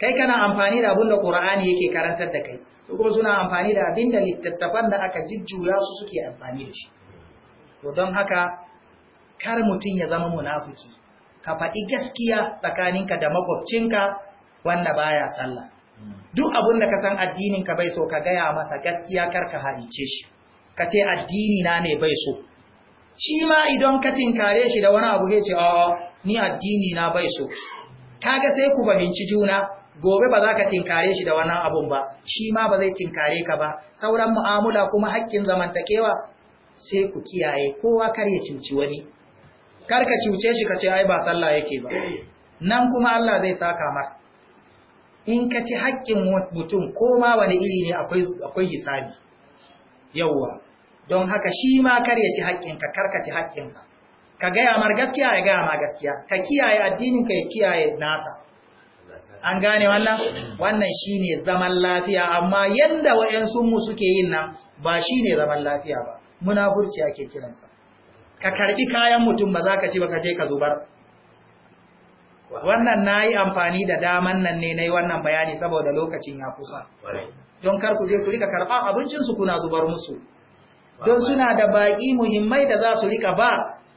kai kana amfani da abinda qur'ani yake karantar da kai ko kuma suna amfani da abinda littattafan da aka jujjuya su suke amfani da shi to don haka kar mutum ya zama munafiki ka faɗi gaskiya tsakaninka da makwabcinka wanda baya sallah duk abin da ka san addinin ka bai so ka gaya masa gaskiya kar ka haice shi ka ce addini na ne bai so shi ma idan ka tinkare shi da wani abu ya ce ni addini na bai so kaga sai ku fahimci juna gobe ba za ka tinkare shi da wannan abun ba shi ma ba zai tinkare ka ba sauran mu'amala kuma haƙƙin zamantakewa sai ku kiyaye kowa kar ya cuci wani kar ka cuce shi ka ce ai ba sallah yake ba eh. nan kuma Allah zai saka maka in ka ci haƙƙin mutum ko ma wani iri ne akwai hisabi yauwa don haka shi ma kar ya ci haƙƙinka kar ka ci haƙƙinka ka gaya mar gaskiya ya gaya ma gaskiya ka kiyaye ka, ya kiyaye nasa an gane wannan wannan shine zaman lafiya amma yadda wayansu mu suke yin nan ba shine zaman lafiya ba munafurci ake kiransa ka karbi kayan mutum ba za ka ci ba ka je ka zubar wannan na yi amfani da daman nan ne na yi wannan bayani saboda lokacin ya kusa don kar ku je ku rika karɓa abincinsu kuna zubar musu don suna da baƙi muhimmai da za su rika ba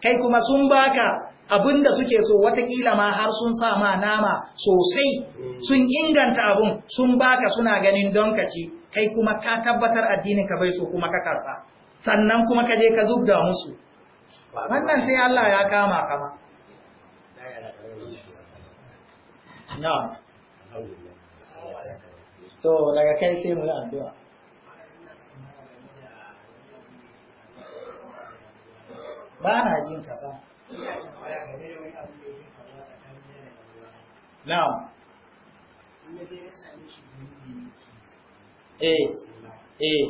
kai kuma sun baka abin da suke so watakila ma har sun sa ma nama sosai mm. sun inganta abin sun baka suna ganin don ka ci kai kuma ka tabbatar addinin ka bai so kuma ka karba sannan kuma ka je ka zubda musu wannan sai Allah ya kama kama Na. to daga kai sai mu yi addu'a ba na jin kasa Na. eh eh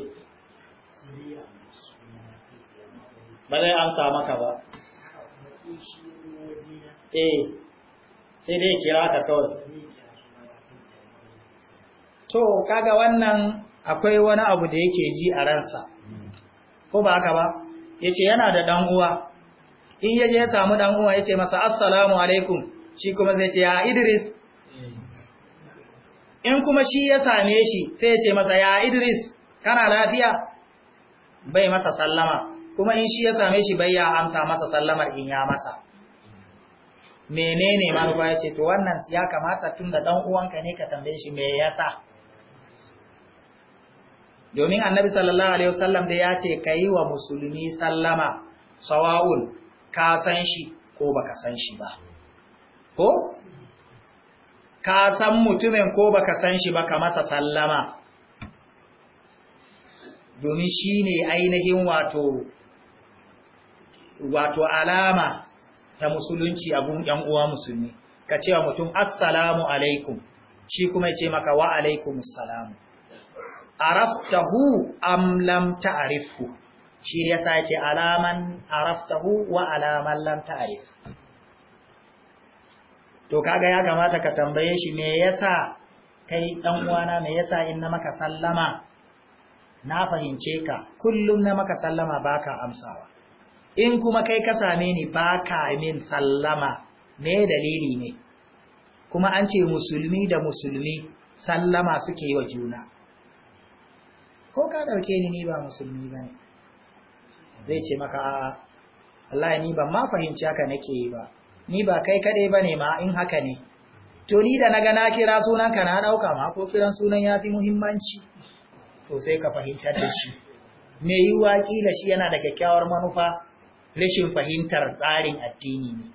ba zai amsa maka ba eh sai dai kira ka kawai to kaga wannan akwai wani abu da yake ji a ransa ko ba haka ba yace yana da dan uwa in yaje ya samu dan uwa yace masa assalamu alaikum shi kuma zai ce ya Idris in kuma shi ya same shi sai ya ce masa ya Idris kana lafiya bai masa sallama kuma in shi ya same shi bai ya amsa masa sallamar in ya masa menene manufa ya ce to wannan ya kamata tunda da ɗan uwanka ne ka tambaye shi me yasa domin annabi sallallahu alaihi wasallam da ya ce ka wa musulmi sallama sawaul ka san shi ko baka san shi ba ko ka san mutumin ko baka san shi ba ka masa sallama domin shine ainihin wato wato alama ta musulunci abun ‘yan uwa musulmi, ka cewa mutum, Assalamu alaikum, shi kuma ce maka wa alaikum salamu. Araftahu am lam ta'rifhu shi ya sake alaman araftahu wa alaman lam ta'rif. To kaga ya kamata ka tambaye shi me yasa kai ɗan uwana me yasa in na maka sallama na fahimce ka kullum na maka sallama baka amsawa in kuma kai ka same ni ba ka min sallama me dalili ne kuma an ce musulmi da musulmi sallama suke yi wa juna ko ka ɗauke ni ni ba musulmi ba ne zai ce maka a Allah ni ban ma fahimci haka nake yi ba ni ba kai kaɗai ba ne ma in haka ne to ni da naga na kira sunanka na ɗauka ma ko kiran sunan ya fi muhimmanci to sai ka fahimtar da shi mai yiwuwa ƙila shi yana da kyakkyawar manufa rashin fahimtar tsarin addini ne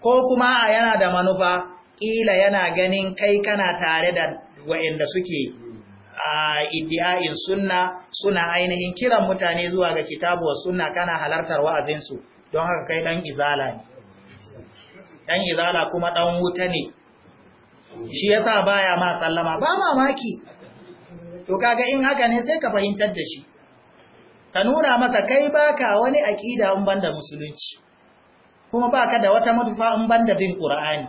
ko kuma a yana da manufa ƙila yana ganin kai kana tare da wa'anda suke a iddia'in sunna suna ainihin kiran mutane zuwa ga kitabu wa sunna kana halartar wa'azinsu don haka kai ɗan izala ne Ɗan izala kuma ɗan wuta ne shi yasa baya ma sallama ba mamaki to kaga in haka ne sai ka fahimtar da shi ka nuna masa kai baka wani aƙida in banda musulunci kuma ba ka da wata manufa in banda bin Qur'ani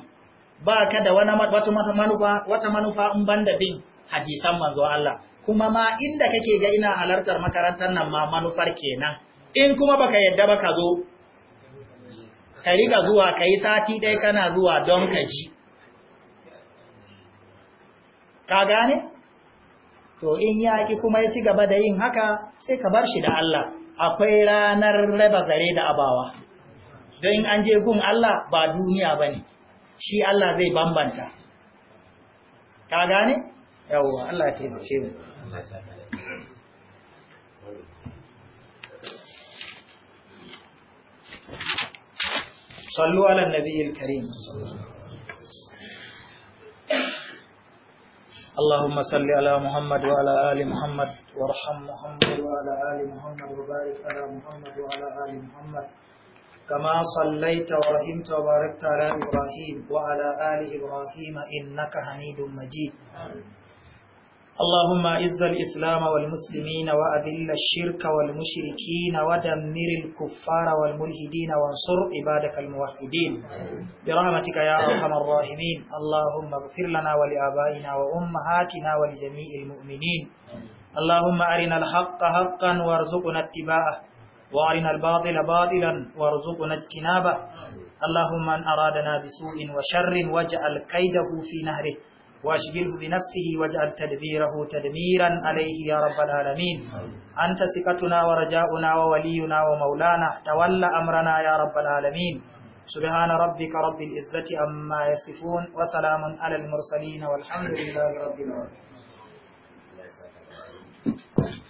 ka da wata manufa wata manufa in bin hadisan manzo Allah kuma ma inda kake ga ina halartar makarantar nan ma manufar kenan in kuma baka yadda ba ka zo ka riga zuwa ka sati ɗaya kana zuwa don ka ji ka gane to in ya ki kuma ya ci gaba da yin haka sai ka bar shi da Allah akwai ranar raba zare da abawa don an je gun Allah ba duniya ba ne shi Allah zai bambanta ka gane? yawwa Allah ya taimake mu sallu ala nabiyil karim اللهم صل على محمد وعلى آل محمد وارحم محمد وعلى آل محمد وبارك على محمد وعلى آل محمد كما صليت ورحمت وباركت على إبراهيم وعلى آل إبراهيم إنك حميد مجيد آمين. اللهم اعز الإسلام والمسلمين وأذل الشرك والمشركين ودمر الكفار والملحدين وانصر عبادك الموحدين برحمتك يا أرحم الراحمين اللهم اغفر لنا ولآبائنا وأمهاتنا ولجميع المؤمنين اللهم أرنا الحق حقا وارزقنا اتباعه وأرنا الباطل باطلا وارزقنا اجتنابه اللهم من أرادنا بسوء وشر واجعل كيده في نهره واشغله بنفسه واجعل تدبيره تدميرا عليه يا رب العالمين أنت ثقتنا ورجاؤنا وولينا ومولانا تولى أمرنا يا رب العالمين سبحان ربك رب العزة عما يصفون وسلام على المرسلين والحمد لله رب العالمين